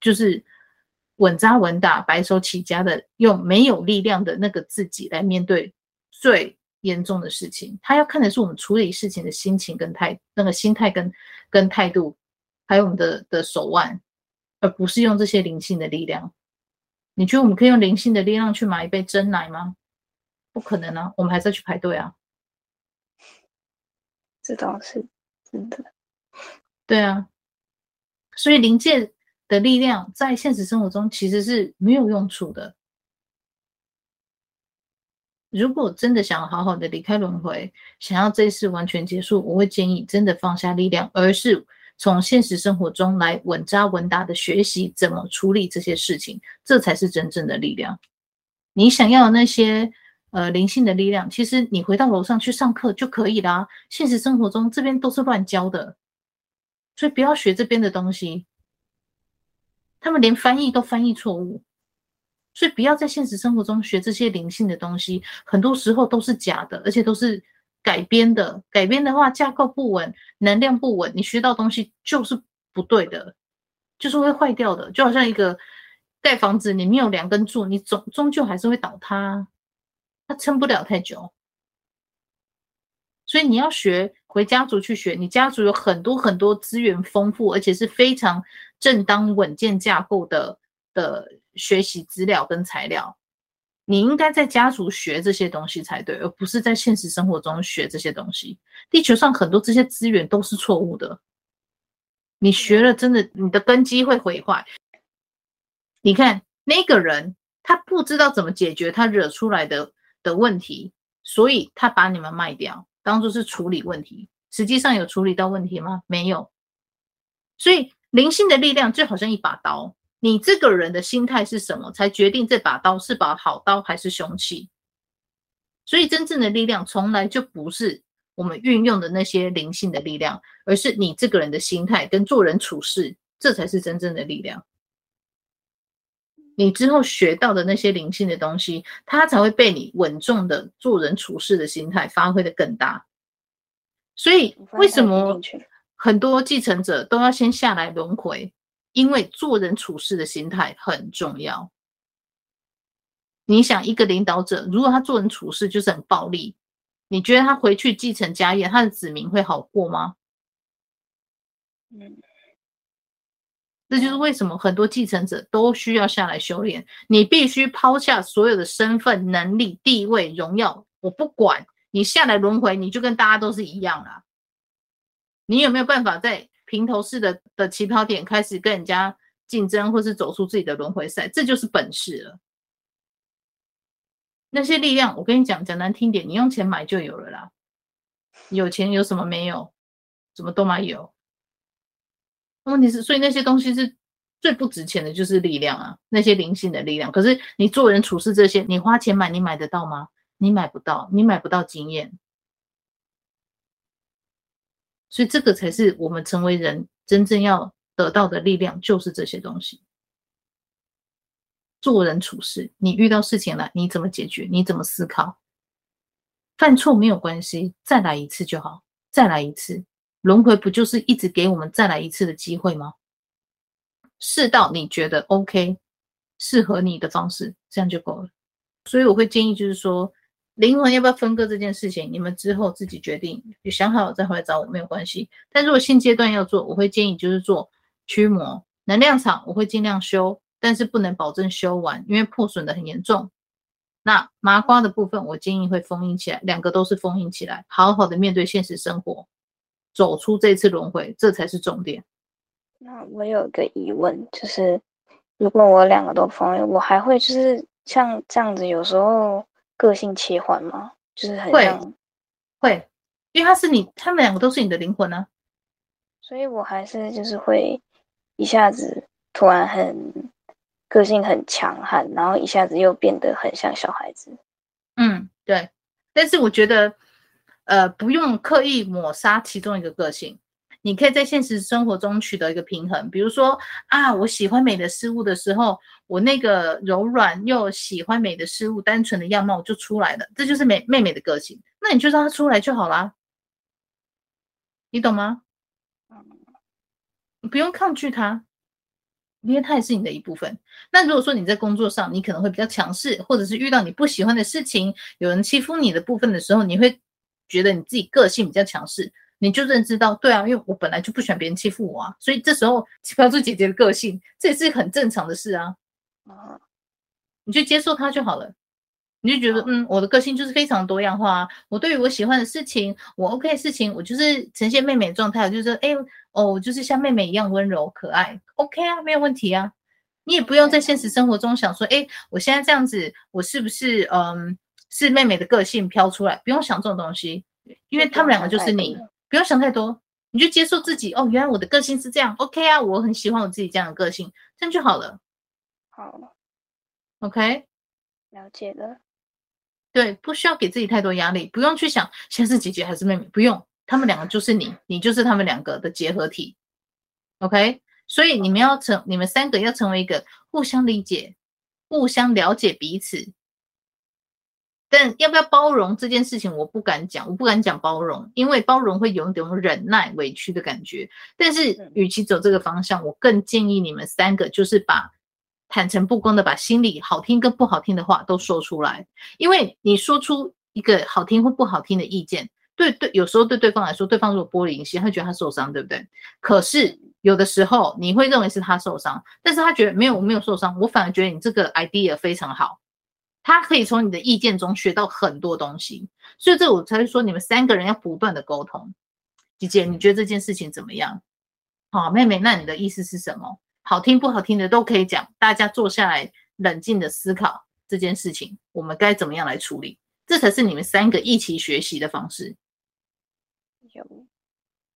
Speaker 1: 就是穩紮穩打、白手起家的，用沒有力量的那個自己來面對最。嚴重的事情，他要看的是我們處理事情的心情跟態，那個心態跟跟態度，還有我們的的手腕，而不是用這些靈性的力量。你覺得我們可以用靈性的力量去買一杯珍奶嗎？不可能啊，我們還是要去排隊啊。這倒是真的。對啊，所以靈界的力量在現實生活中其實是沒有用處的。如果真的想好好的離開輪迴，想要這一次完全結束，我會建議真的放下力量，而是從現實生活中來穩扎穩打的學習怎麼處理這些事情，這才是真正的力量。你想要那些呃靈性的力量，其實你回到樓上去上課就可以啦。現實生活中這邊都是亂教的，所以不要學這邊的東西，他們連翻譯都翻譯錯誤。所以不要在現實生活中學這些靈性的東西，很多時候都是假的，而且都是改編的。改編的話，架構不穩，能量不穩，你學到東西就是不對的，就是會壞掉的。就好像一個蓋房子，你沒有兩根柱，你終終究還是會倒塌，它撐不了太久。所以你要學回家族去學，你家族有很多很多資源豐富，而且是非常正當穩健架構的的。學習資料跟材料，你應該在家族學這些東西才對，而不是在現實生活中學這些東西。地球上很多這些資源都是錯誤的，你學了真的，你的根基會毀壞。你看那個人，他不知道怎麼解決他惹出來的的問題，所以他把你們賣掉，當做是處理問題。實際上有處理到問題嗎？沒有。所以靈性的力量就好像一把刀。你這個人的心態是什麼，才決定這把刀是把好刀還是凶器。所以真正的力量從來就不是我們運用的那些靈性的力量，而是你這個人的心態跟做人處事，這才是真正的力量。你之後學到的那些靈性的東西，它才會被你穩重的做人處事的心態發揮得更大。所以為什麼很多繼承者都要先下來輪迴？因為做人處事的心態很重要。你想一個領導者，如果他做人處事就是很暴力，你覺得他回去繼承家業，他的子民會好過嗎？嗯，這就是為什麼很多繼承者都需要下來修煉。你必須拋下所有的身份、能力、地位、榮耀，我不管，你下來輪迴，你就跟大家都是一樣了。你有沒有辦法在？平頭式的的起跑點開始跟人家競爭，或是走出自己的輪迴賽，這就是本事了。那些力量，我跟你講，講難聽點，你用錢買就有了啦。有錢有什麼沒有？什麼都買有。問題是，所以那些東西是最不值錢的，就是力量啊，那些靈性的力量。可是你做人處事這些，你花錢買，你買得到嗎？你買不到，你買不到經驗。所以這個才是我們成為人真正要得到的力量，就是這些東西。做人處事，你遇到事情了，你怎麼解決？你怎麼思考？犯錯沒有關係，再來一次就好，再來一次。輪迴不就是一直給我們再來一次的機會嗎？試到你覺得 OK，適合你的方式，這樣就夠了。所以我會建議，就是說。靈魂要不要分割這件事情，你們之後自己決定，有想好再回來找我沒有關係。但如果現階段要做，我會建議就是做驅魔能量場，我會盡量修，但是不能保證修完，因為破損得很嚴重。那麻瓜的部分，我建議會封印起來，兩個都是封印起來，好好的面對現實生活，走出這次輪迴，這才是重點。
Speaker 2: 那我有一個疑問，就是如果我兩個都封印，我還會就是像這樣子，有時候。個性切換嗎？就是
Speaker 1: 很像會，會，因為他是你，他們兩個都是你的靈魂呢、啊，
Speaker 2: 所以我還是就是會一下子突然很個性很強悍，然後一下子又變得很像小孩子。
Speaker 1: 嗯，對。但是我覺得，呃，不用刻意抹殺其中一個個性。你可以在現實生活中取得一個平衡，比如說啊，我喜歡美的事物的時候，我那個柔軟又喜歡美的事物單純的樣貌就出來了，這就是美妹妹的個性，那你就讓她出來就好啦，你懂嗎？你不用抗拒她，因為她也是你的一部分。那如果說你在工作上，你可能會比較強勢，或者是遇到你不喜歡的事情，有人欺負你的部分的時候，你會覺得你自己個性比較強勢。你就認知到，對啊，因為我本來就不喜歡別人欺負我啊，所以這時候去表現出姐姐的個性，這也是很正常的事啊。啊、嗯，你去接受她就好了。你就覺得嗯，嗯，我的個性就是非常多樣化啊。我對於我喜歡的事情，我 OK 的事情，我就是呈現妹妹的狀態，就是說，誒、欸、哦，我就是像妹妹一樣溫柔可愛，OK 啊，沒有問題啊。你也不用在現實生活中想說，嗯、誒，我現在這樣子，我是不是嗯，是妹妹的個性飄出來？不用想這種東西，因為他們兩個就是你。嗯不要想太多，你就接受自己哦。原來我的個性是這樣，OK 啊，我很喜歡我自己這樣的個性，這樣就好了。好了，OK，
Speaker 2: 了解了。
Speaker 1: 對，不需要給自己太多壓力，不用去想先是姐姐還是妹妹，不用，他們兩個就是你，你就是他們兩個的結合體。OK，所以你們要成，你們三個要成為一個互相理解、互相了解彼此。但要不要包容這件事情，我不敢講，我不敢講包容，因為包容會有一點忍耐委屈的感覺。但是，與其走這個方向，我更建議你們三個就是把坦誠布公的，把心裡好聽跟不好聽的話都說出來。因為你說出一個好聽或不好聽的意見，對對，有時候對對方來說，對方如果玻璃心，他覺得他受傷，對不對？可是有的時候，你會認為是他受傷，但是他覺得沒有，我沒有受傷，我反而覺得你這個 idea 非常好。他可以從你的意見中學到很多東西，所以這我才會說你們三個人要不斷的溝通。姐姐，你覺得這件事情怎麼樣？好、哦，妹妹，那你的意思是什麼？好聽不好聽的都可以講，大家坐下來冷靜的思考這件事情，我們該怎麼樣來處理？這才是你們三個一起學習的方式。有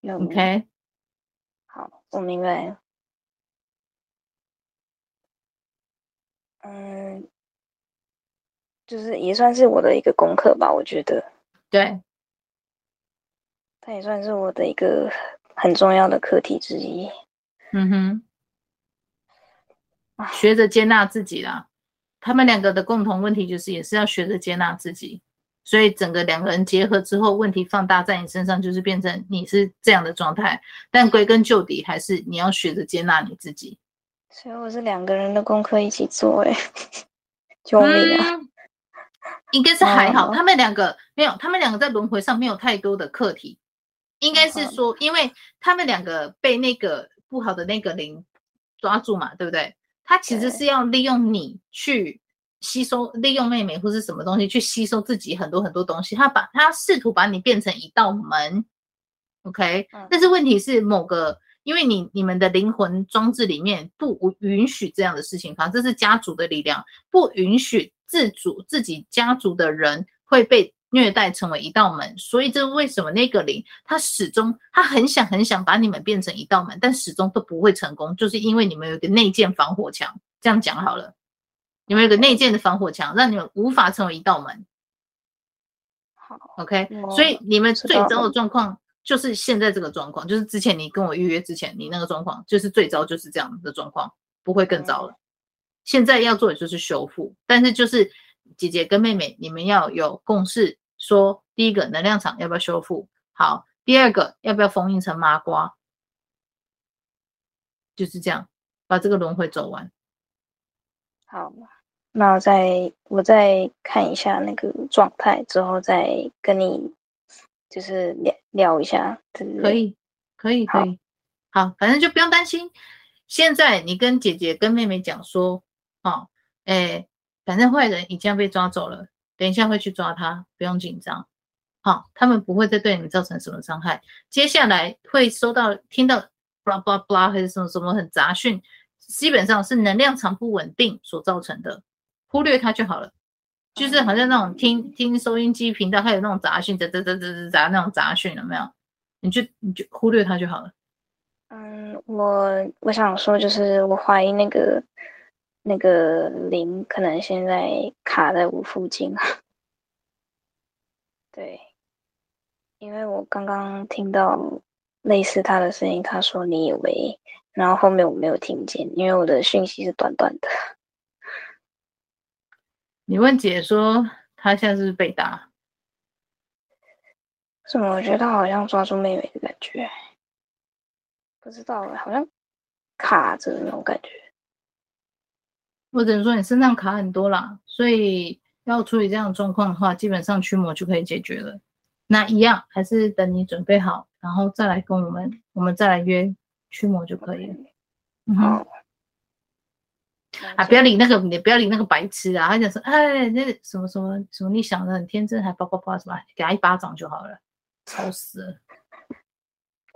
Speaker 1: 有，OK，有有好，我明白了。嗯、
Speaker 2: 呃。就是也算是我的一個功課吧，我覺得，對，它也算是我的一個很重要的課題之一。
Speaker 1: 嗯哼，學着接納自己啦。他們兩個的共同問題就是，也是要學着接納自己。所以整個兩個人結合之後，問題放大在你身上，就是變成你是這樣的狀態。但歸根究底，還是你要學着接納你自己。所以我是兩個人的功課一起做，欸，哎， 救命啊。嗯應該是還好，oh. 他們兩個沒有，他們兩個在輪迴上沒有太多的課題。應該是說，oh. 因為他們兩個被那個不好的那個靈抓住嘛，對不對？他其實是要利用你去吸收，okay. 利用妹妹或是什麼東西去吸收自己很多很多東西。他把他試圖把你變成一道門，OK？Oh. 但是問題是，某個因為你你們的靈魂裝置裡面不允許這樣的事情。反正這是家族的力量，不允許。自主自己家族的人會被虐待成為一道門，所以這是為什麼那個靈他始終他很想很想把你們變成一道門，但始終都不會成功，就是因為你們有個內建防火牆。這樣講好了，你們有個內建的防火牆，讓你們無法成為一道門。好，OK，嗯，所以你們最糟的狀況就是現在這個狀況，就是之前你跟我預約之前你那個狀況，就是最糟就是這樣的狀況，不會更糟了。嗯現在要做的就是修復，但是就是姐姐跟妹妹，你們要有共識，說第一個能量場要不要修復。好，第二個要不要封印成麻瓜，就是這樣，把這個輪迴走完。好，那
Speaker 2: 我再我再看一下那個狀態之後，再跟你就是
Speaker 1: 聊聊一下對對。可以，可以，可以。好，好，反正就不用擔心。現在你跟姐姐跟妹妹講說。好、哦，哎，反正壞人已經要被抓走了，等一下會去抓他，不用緊張。好、哦，他們不會再對你們造成什麼傷害。接下來會收到聽到，blah blah blah，還是什麼什麼很雜訊，基本上是能量場不穩定所造成的，忽略它就好了。就是好像那種聽聽收音機頻道，它有那種雜訊，雜雜雜雜雜雜那種雜訊有沒有？你就你就忽略它就好了。嗯，
Speaker 2: 我我想說就是我懷疑那個。那個零可能現在卡在我附近了，對，因為我剛剛聽到類似他的聲音，他說“你以為”，然後後面我沒有
Speaker 1: 聽見，因為我的訊息是短短的。你問姐說，他現在是被打，怎麼？我覺得好像抓住妹妹的感覺，
Speaker 2: 不知道，好像
Speaker 1: 卡着那種感覺。或者說你身上卡很多啦，所以要處理這樣的狀況的話，基本上驅魔就可以解決了。那一樣還是等你準備好，然後再來跟我們，我們再來約驅魔就可以了。好、嗯，啊，不要理那個，你不要理那個白痴啊！他講說，哎，那什麼什麼什麼，什麼你想的很天真，還八卦怕什麼，給他一巴掌就好了，吵死了，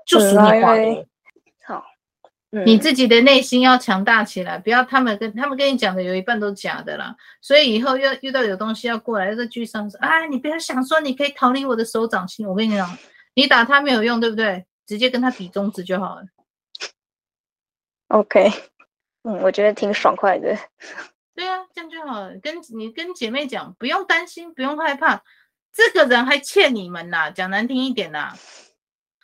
Speaker 1: 就屬你話多、嗯哎哎。好。嗯，你自己的內心要強大起來，不要他們跟他們跟你講的有一半都是假的啦。所以以後要遇到有東西要過來，就拒商啊，你不要想說你可以逃離我的手掌心。我跟你講，你打他沒有用，對不對？直接跟他比中指就好了。
Speaker 2: OK，嗯，我覺得挺爽快的。
Speaker 1: 對啊，這樣就好了。跟你跟姐妹講，不用擔心，不用害怕，這個人還欠你們吶，講難聽一點吶，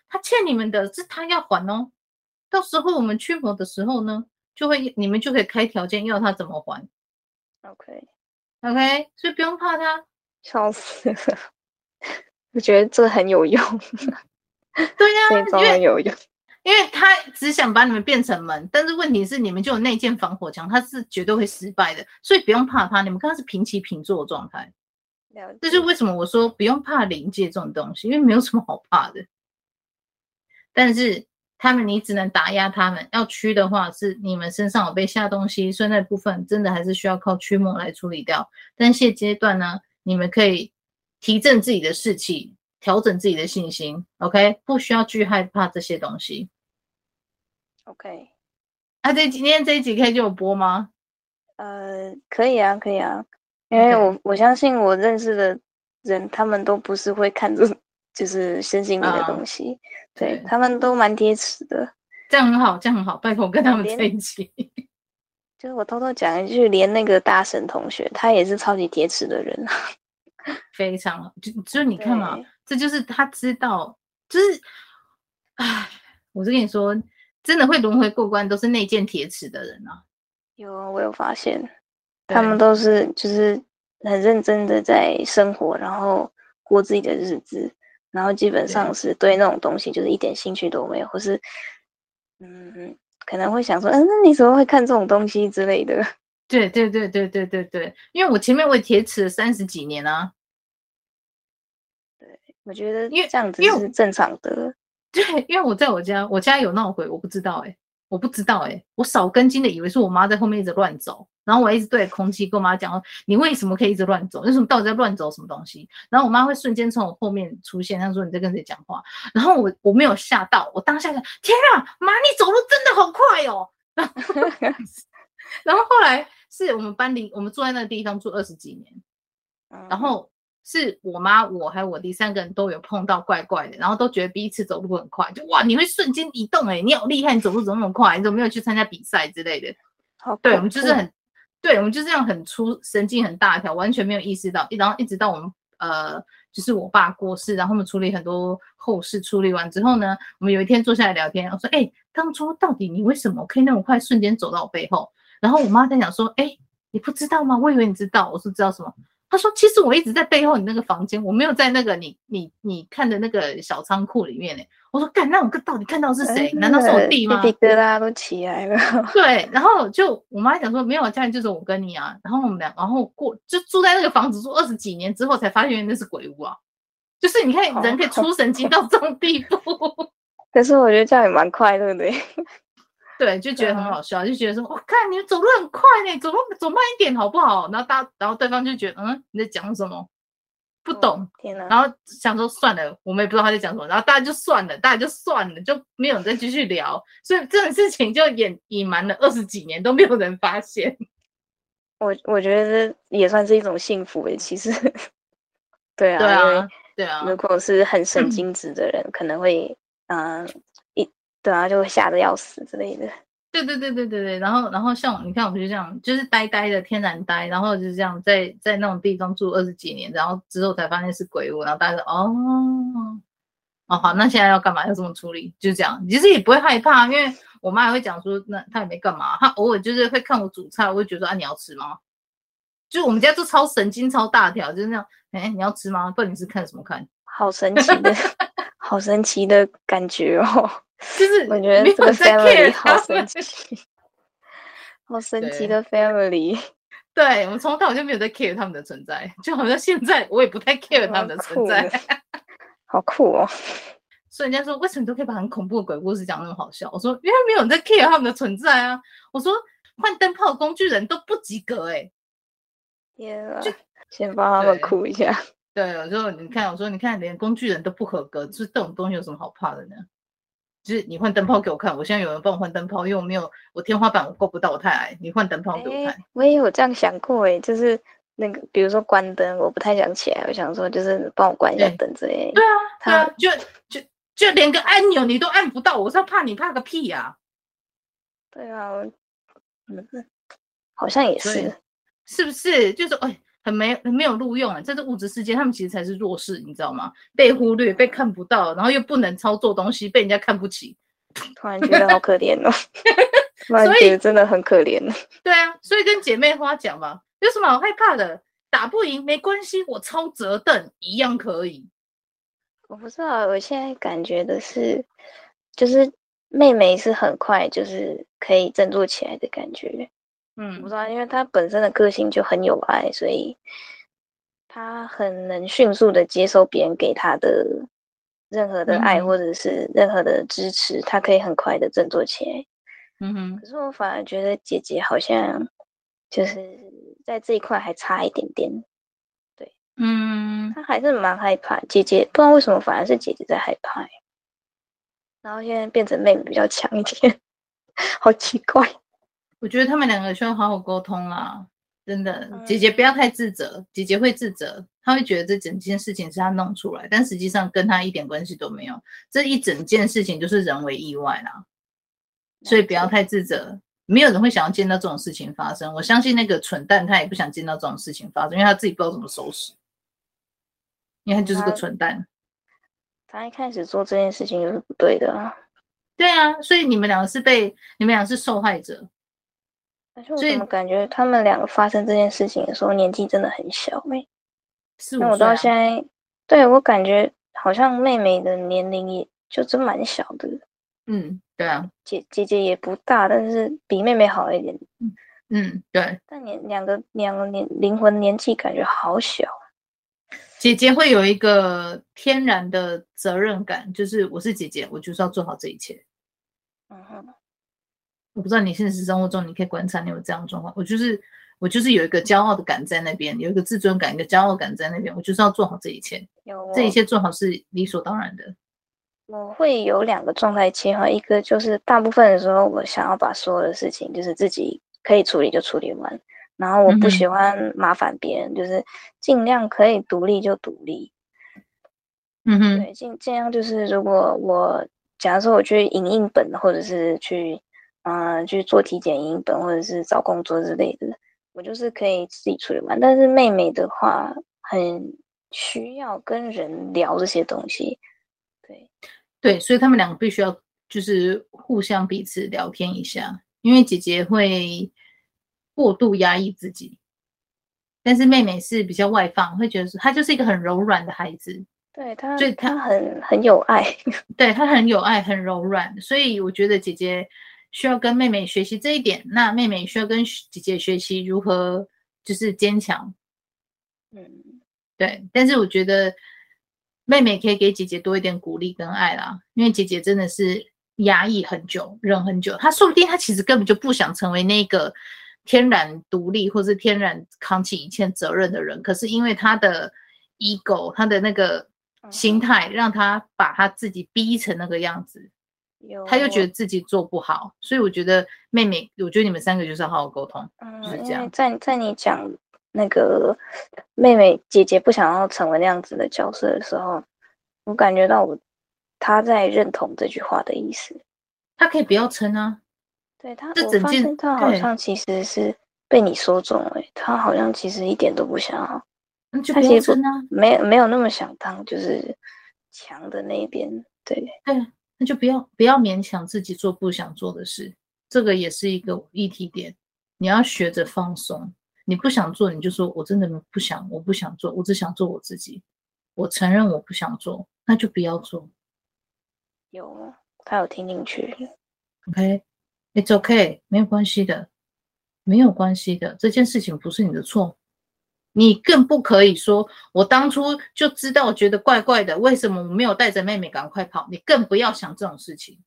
Speaker 1: 他欠你們的是他要還哦，喔。到時候我們驅魔的時候呢，就會你們就可以開條件要他怎麼還。
Speaker 2: OK，OK，、
Speaker 1: okay. okay? 所以不用怕他。笑死，
Speaker 2: 我覺得這個很有用。對呀、啊，因為因
Speaker 1: 為他只想把你們變成門， 但是問題是你們就有那一件防火牆，他是絕對會失敗的，所以不用怕他。你們剛剛是平起平坐的狀態。這就是為什麼我說不用怕靈界這種東西，因為沒有什麼好怕的。但是。他們，你只能打壓他們。要驅的話，是你們身上有被下東西，所以那部分真的還是需要靠驅魔來處理掉。但現階段呢，你們可以提振自己的士氣，調整自己的信心。OK，不需要去害怕這些東西。
Speaker 2: OK，
Speaker 1: 啊，對，今天這一集可以播嗎？
Speaker 2: 呃，
Speaker 1: 可以啊，可以啊，因為我、
Speaker 2: okay. 我相信我認識的人，他們都不是會看這，就是身心靈的東西。Uh, 對，對他們都蠻鐵齒的，
Speaker 1: 這樣很好，這樣很好。拜託，跟他們在一起，
Speaker 2: 就是我偷偷講一句，連那個大神同學，他也是超級鐵齒的人，啊，
Speaker 1: 非常好，就就你看啊，這就是他知道，就是，哎，啊，我是跟你說，真的會輪回過關，都是那件鐵齒的人啊。
Speaker 2: 有啊，我有發現，
Speaker 1: 他們都
Speaker 2: 是就是很認真的在生活，然後過自己的日子。然後基本上是對那種東西就是一點興趣都沒有，或是，嗯，可能會想說，嗯，那你怎麼會看這種東西之類的？
Speaker 1: 對對對對對對對，因為我前面我也鐵齒了三十幾年啊。對，我覺得因為這樣子是正常的。對，因為我在我家，我家有鬧鬼，我不知道哎、欸，我不知道哎、欸，我少根筋的以為是我媽在後面一直亂走。然後我一直對空氣跟我媽講說，你為什麼可以一直亂走？為什麼到底在亂走什麼東西？然後我媽會瞬間從我後面出現，她說你在跟誰講話？然後我我沒有嚇到，我當下想，天啊，媽你走路真的好快哦。然後 然後，後來是我們搬離，我們坐在那個地方住二十幾年，然後是我媽、我還有我弟三個人都有碰到怪怪的，然後都覺得第一次走路很快，就哇你會瞬間移動哎、欸，你好厲害，你走路怎麼那麼快？你怎麼沒有去參加比賽之類的？好，對我們就是很。對我們就這樣很粗神經，很大條，完全沒有意識到。然後一直到我們呃，就是我爸過世，然後我們處理很多後事，處理完之後呢，我們有一天坐下來聊天，我說：“哎，當初到底你為什麼可以那麼快瞬間走到我背後？”然後我媽在講說：“哎，你不知道嗎？我以為你知道。”我說：“知道什麼？”他說：“其實我一直在背後你那個房間，我沒有在那個你你你看的那個小倉庫裡面嘞。”我說：“幹，那我哥到底看到是誰、嗯那個？難道是我的弟嗎？”雞皮疙瘩都起來了。對，然後就我媽想說：“沒有，家裡就是我跟你啊。然”然後我們倆，然後過就住在那個房子住二十幾年之後，才發現那是鬼屋啊。就是你看，人可以出神經到這種地步。
Speaker 2: 可 是我覺得這樣也蠻快樂的。對不對
Speaker 1: 對，就覺得很好笑，啊、就覺得說，我看你走路很快呢，走路走慢一點好不好？然後大，然後對方就覺得，嗯，你在講什麼？不懂、嗯、天啊，然後想說算了，我們也不知道他在講什麼，然後大家就算了，大家就算了，就沒有再繼續聊。所以這種事情就隱隱瞞了二十幾年都沒有人發現。
Speaker 2: 我我覺得這也算是一種幸福哎、欸，其實。 對啊，對啊，對啊。如果是很神經質的人、嗯，可能會嗯。呃對
Speaker 1: 啊，就會嚇得要死之類的。對對對對對對，然後然後像你看，我們就這樣，就是呆呆的，天然呆，然後就是這樣在在那種地方住二十幾年，然後之後才發現是鬼屋，然後大家說哦哦好，那現在要幹嘛？要這麼處理？就這樣，其實也不會害怕，因為我媽也會講說，那她也沒幹嘛，她偶爾就是會看我煮菜，我會覺得啊，你要吃嗎？就我們家就超神經超大條，就是那樣，哎，你要吃嗎？到底是看什麼看？好神奇
Speaker 2: 的， 好神奇的感覺哦。
Speaker 1: 就是我覺得沒有在 care，好神奇，好
Speaker 2: 神奇的 family。
Speaker 1: 對，我從頭到尾就沒有在 care 他們的存在，就好像現在我也不太 care 他們的存在。
Speaker 2: 好酷， 好酷
Speaker 1: 哦！所以人家說為什麼你都可以把很恐怖的鬼故事講那麼好笑？我說因為他沒有人在 care 他們的存在啊！我說換燈泡工具人都不及格哎、欸！天啊！先幫他們哭一下。對，對我說你看，我說你看，連工具人都不合格，就是這種東西有什麼好怕的呢？就是你換燈泡給我看，我現在有人幫我換燈泡，因為我沒有我天花板我夠不到，我太矮。你換燈泡我給我看、欸。我
Speaker 2: 也有這樣想過哎、欸，就是那個比如說關燈，我不太想起來，我想說就是幫我關一下燈之類。對啊，
Speaker 1: 他啊就就就連個按鈕你都按不到，我是怕你怕個屁呀、啊？對啊，你們是好像也是，是不是？就是哎。欸很沒、很沒有路用啊、欸！在這物質世界，他們其實才是弱勢，你知道嗎？被忽略、被看不到，然後又不能操作東西，被人家看不起， 突然覺得好可憐哦！所 以真的很可憐。 對啊，所以跟姐妹花講嘛，有什麼好害怕的？打不贏沒關係，我抄折凳一樣可以。
Speaker 2: 我不知道，我現在感覺的是，就是妹妹是很快，就是可以振作起來的感覺。嗯，我知道，因為他本身的個性就很有愛，所以他很能迅速的接受別人給他的任何的愛或者是任何的支持，嗯，他可以很快的振作起來。嗯哼，可是我反而覺得姐姐好像就是在這一塊還差一點點。對，嗯，他還是蠻害怕，姐姐，不知道為什麼反而是姐姐在害怕，
Speaker 1: 然後現在變成妹妹比較強一點，好奇怪。我覺得他們兩個需要好好溝通啦，真的。嗯，姐姐不要太自責。姐姐會自責，她會覺得這整件事情是她弄出來，但實際上跟她一點關係都沒有。這一整件事情就是人為意外啦，所以不要太自責。沒有人會想要見到這種事情發生。我相信那個蠢蛋他也不想見到這種事情發生，因為他自己不知道怎麼收拾，因為他就是個蠢蛋。他，
Speaker 2: 他一開始做這件事情就是
Speaker 1: 不對的。對啊，所以你們兩個是被，你們兩個是受害者。而且我怎
Speaker 2: 麼感覺他們兩個發生這件事情的時候年紀真的很小，欸？妹，
Speaker 1: 啊，那我到現
Speaker 2: 在，對，我感覺好像妹妹的年齡也就真蠻小的。嗯，
Speaker 1: 對啊，
Speaker 2: 姐姐姐也不大，但是比妹妹好一點。嗯，嗯，對。但你兩個兩個年靈魂年紀感覺好
Speaker 1: 小。姐姐會有一個天然的責任感，就是我是姐姐，我就是要做好這一切。嗯哼。我不知道你現實生活中，你可以觀察你有這樣狀況。我就是我就是有一個驕傲的感在那邊，有一個自尊感，一個驕傲感在那邊。我就是要做好這一切有，這一切做好是理所當然的。
Speaker 2: 我會有兩個狀態切換，一個就是大部分的時候，我想要把所有的事情，就是自己可以處理就處理完，然後我不喜歡麻煩別人，嗯，就是儘量可以獨立就獨立。嗯哼，對，儘儘量就是如果我假如說我去影印本，或者是去。嗯、呃，去做體檢、影本或者是找工作之類的，我就是可以自己出去玩。但是妹妹的話，很需要跟人聊這些東西。對，
Speaker 1: 對，所以他們兩個必須要就是互相彼此聊天一下，因為姐姐會過度壓抑自己，但是妹妹是比較外放，會覺得說她就是一個很柔軟的孩子。
Speaker 2: 對，她，所以她很
Speaker 1: 很有愛。對她很有愛，很柔軟。所以我覺得姐姐，需要跟妹妹學習這一點，那妹妹需要跟姐姐學習如何就是堅強。嗯，對。但是我覺得妹妹可以給姐姐多一點鼓勵跟愛啦，因為姐姐真的是壓抑很久，忍很久。她說不定她其實根本就不想成為那個天然獨立或是天然扛起一切責任的人，可是因為她的 ego，她的那個心態，嗯、讓她把她自己逼成那個樣子。他就覺得自己做不好，所以我覺得妹妹，我覺得你們三個就是要好好溝通，
Speaker 2: 嗯，就是
Speaker 1: 這樣。在在你講那個妹
Speaker 2: 妹姐姐不想要成為那樣子的角色的時候，我感覺到我他在認同這句話的意思。
Speaker 1: 他可以不要撐啊，嗯、對他這整件，我發現他好像
Speaker 2: 其實是被你說中了，欸，他好像其實一點都不想要，嗯啊，他其實沒有沒有那麼想當就是強的那一邊，對
Speaker 1: 對。那就不要不要勉強自己做不想做的事，這個也是一個議題點。你要學着放鬆，你不想做，你就說我真的不想，我不想做，我只想做我自己。我承認我不想做，那就不要做。
Speaker 2: 有，他有聽進去。
Speaker 1: OK，it's okay? OK，沒有關係的，沒有關係的，這件事情不是你的錯。你更不可以說，我當初就知道我覺得怪怪的，為什麼我沒有帶着妹妹趕快跑？你更不要想這種事情。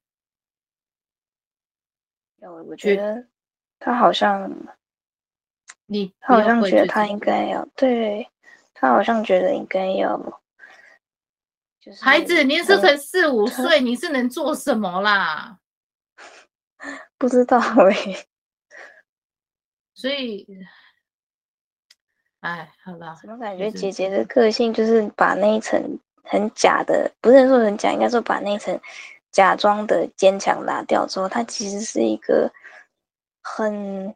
Speaker 2: 我覺得，
Speaker 1: 他好像，你好像覺得他應該要，
Speaker 2: 對他好像覺得應該要，應
Speaker 1: 要、就是，孩子，你是才四五歲，你是能做什麼啦？呵呵，不知道 所以。哎，好啦，我感覺姐姐
Speaker 2: 的個性就是把那一層很假的，不是說很假，應該說把那一層假裝的堅強拿掉之後，她其實是一個很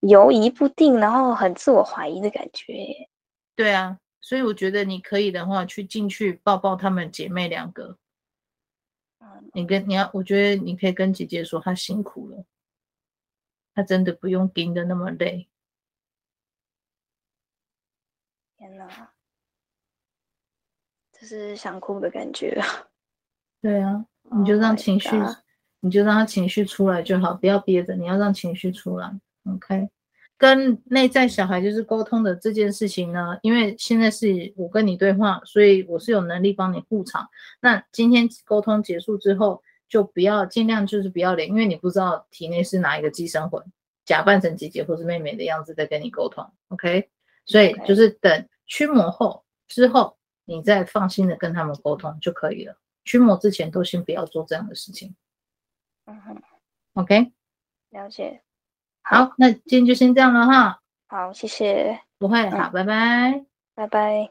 Speaker 2: 猶疑不定，然後很自我懷疑的感覺。
Speaker 1: 對啊，所以我覺得你可以的話去進去抱抱她們姐妹兩個。你跟你要，我覺得你可以跟姐姐說，她辛苦了，她真的不用拼得那麼累。
Speaker 2: 天哪，就是想哭的感
Speaker 1: 覺。對啊，你就讓情緒、oh，你就讓他情緒出來就好，不要憋着。你要讓情緒出來。OK？跟內在小孩就是溝通的這件事情呢，因為現在是我跟你對話，所以我是有能力幫你護場。那今天溝通結束之後，就不要，盡量就是不要臉，因為你不知道體內是哪一個寄生魂假扮成姐姐或是妹妹的樣子在跟你溝通。OK？所以就是等驅魔後，okay. 之後，你再放心的跟他們溝通就可以了。驅魔之前都先不要做這樣的事情。
Speaker 2: 嗯哼，OK，了解。
Speaker 1: 好，那今天就先這樣了哈。好，謝謝。不會，嗯、好，拜拜，拜拜。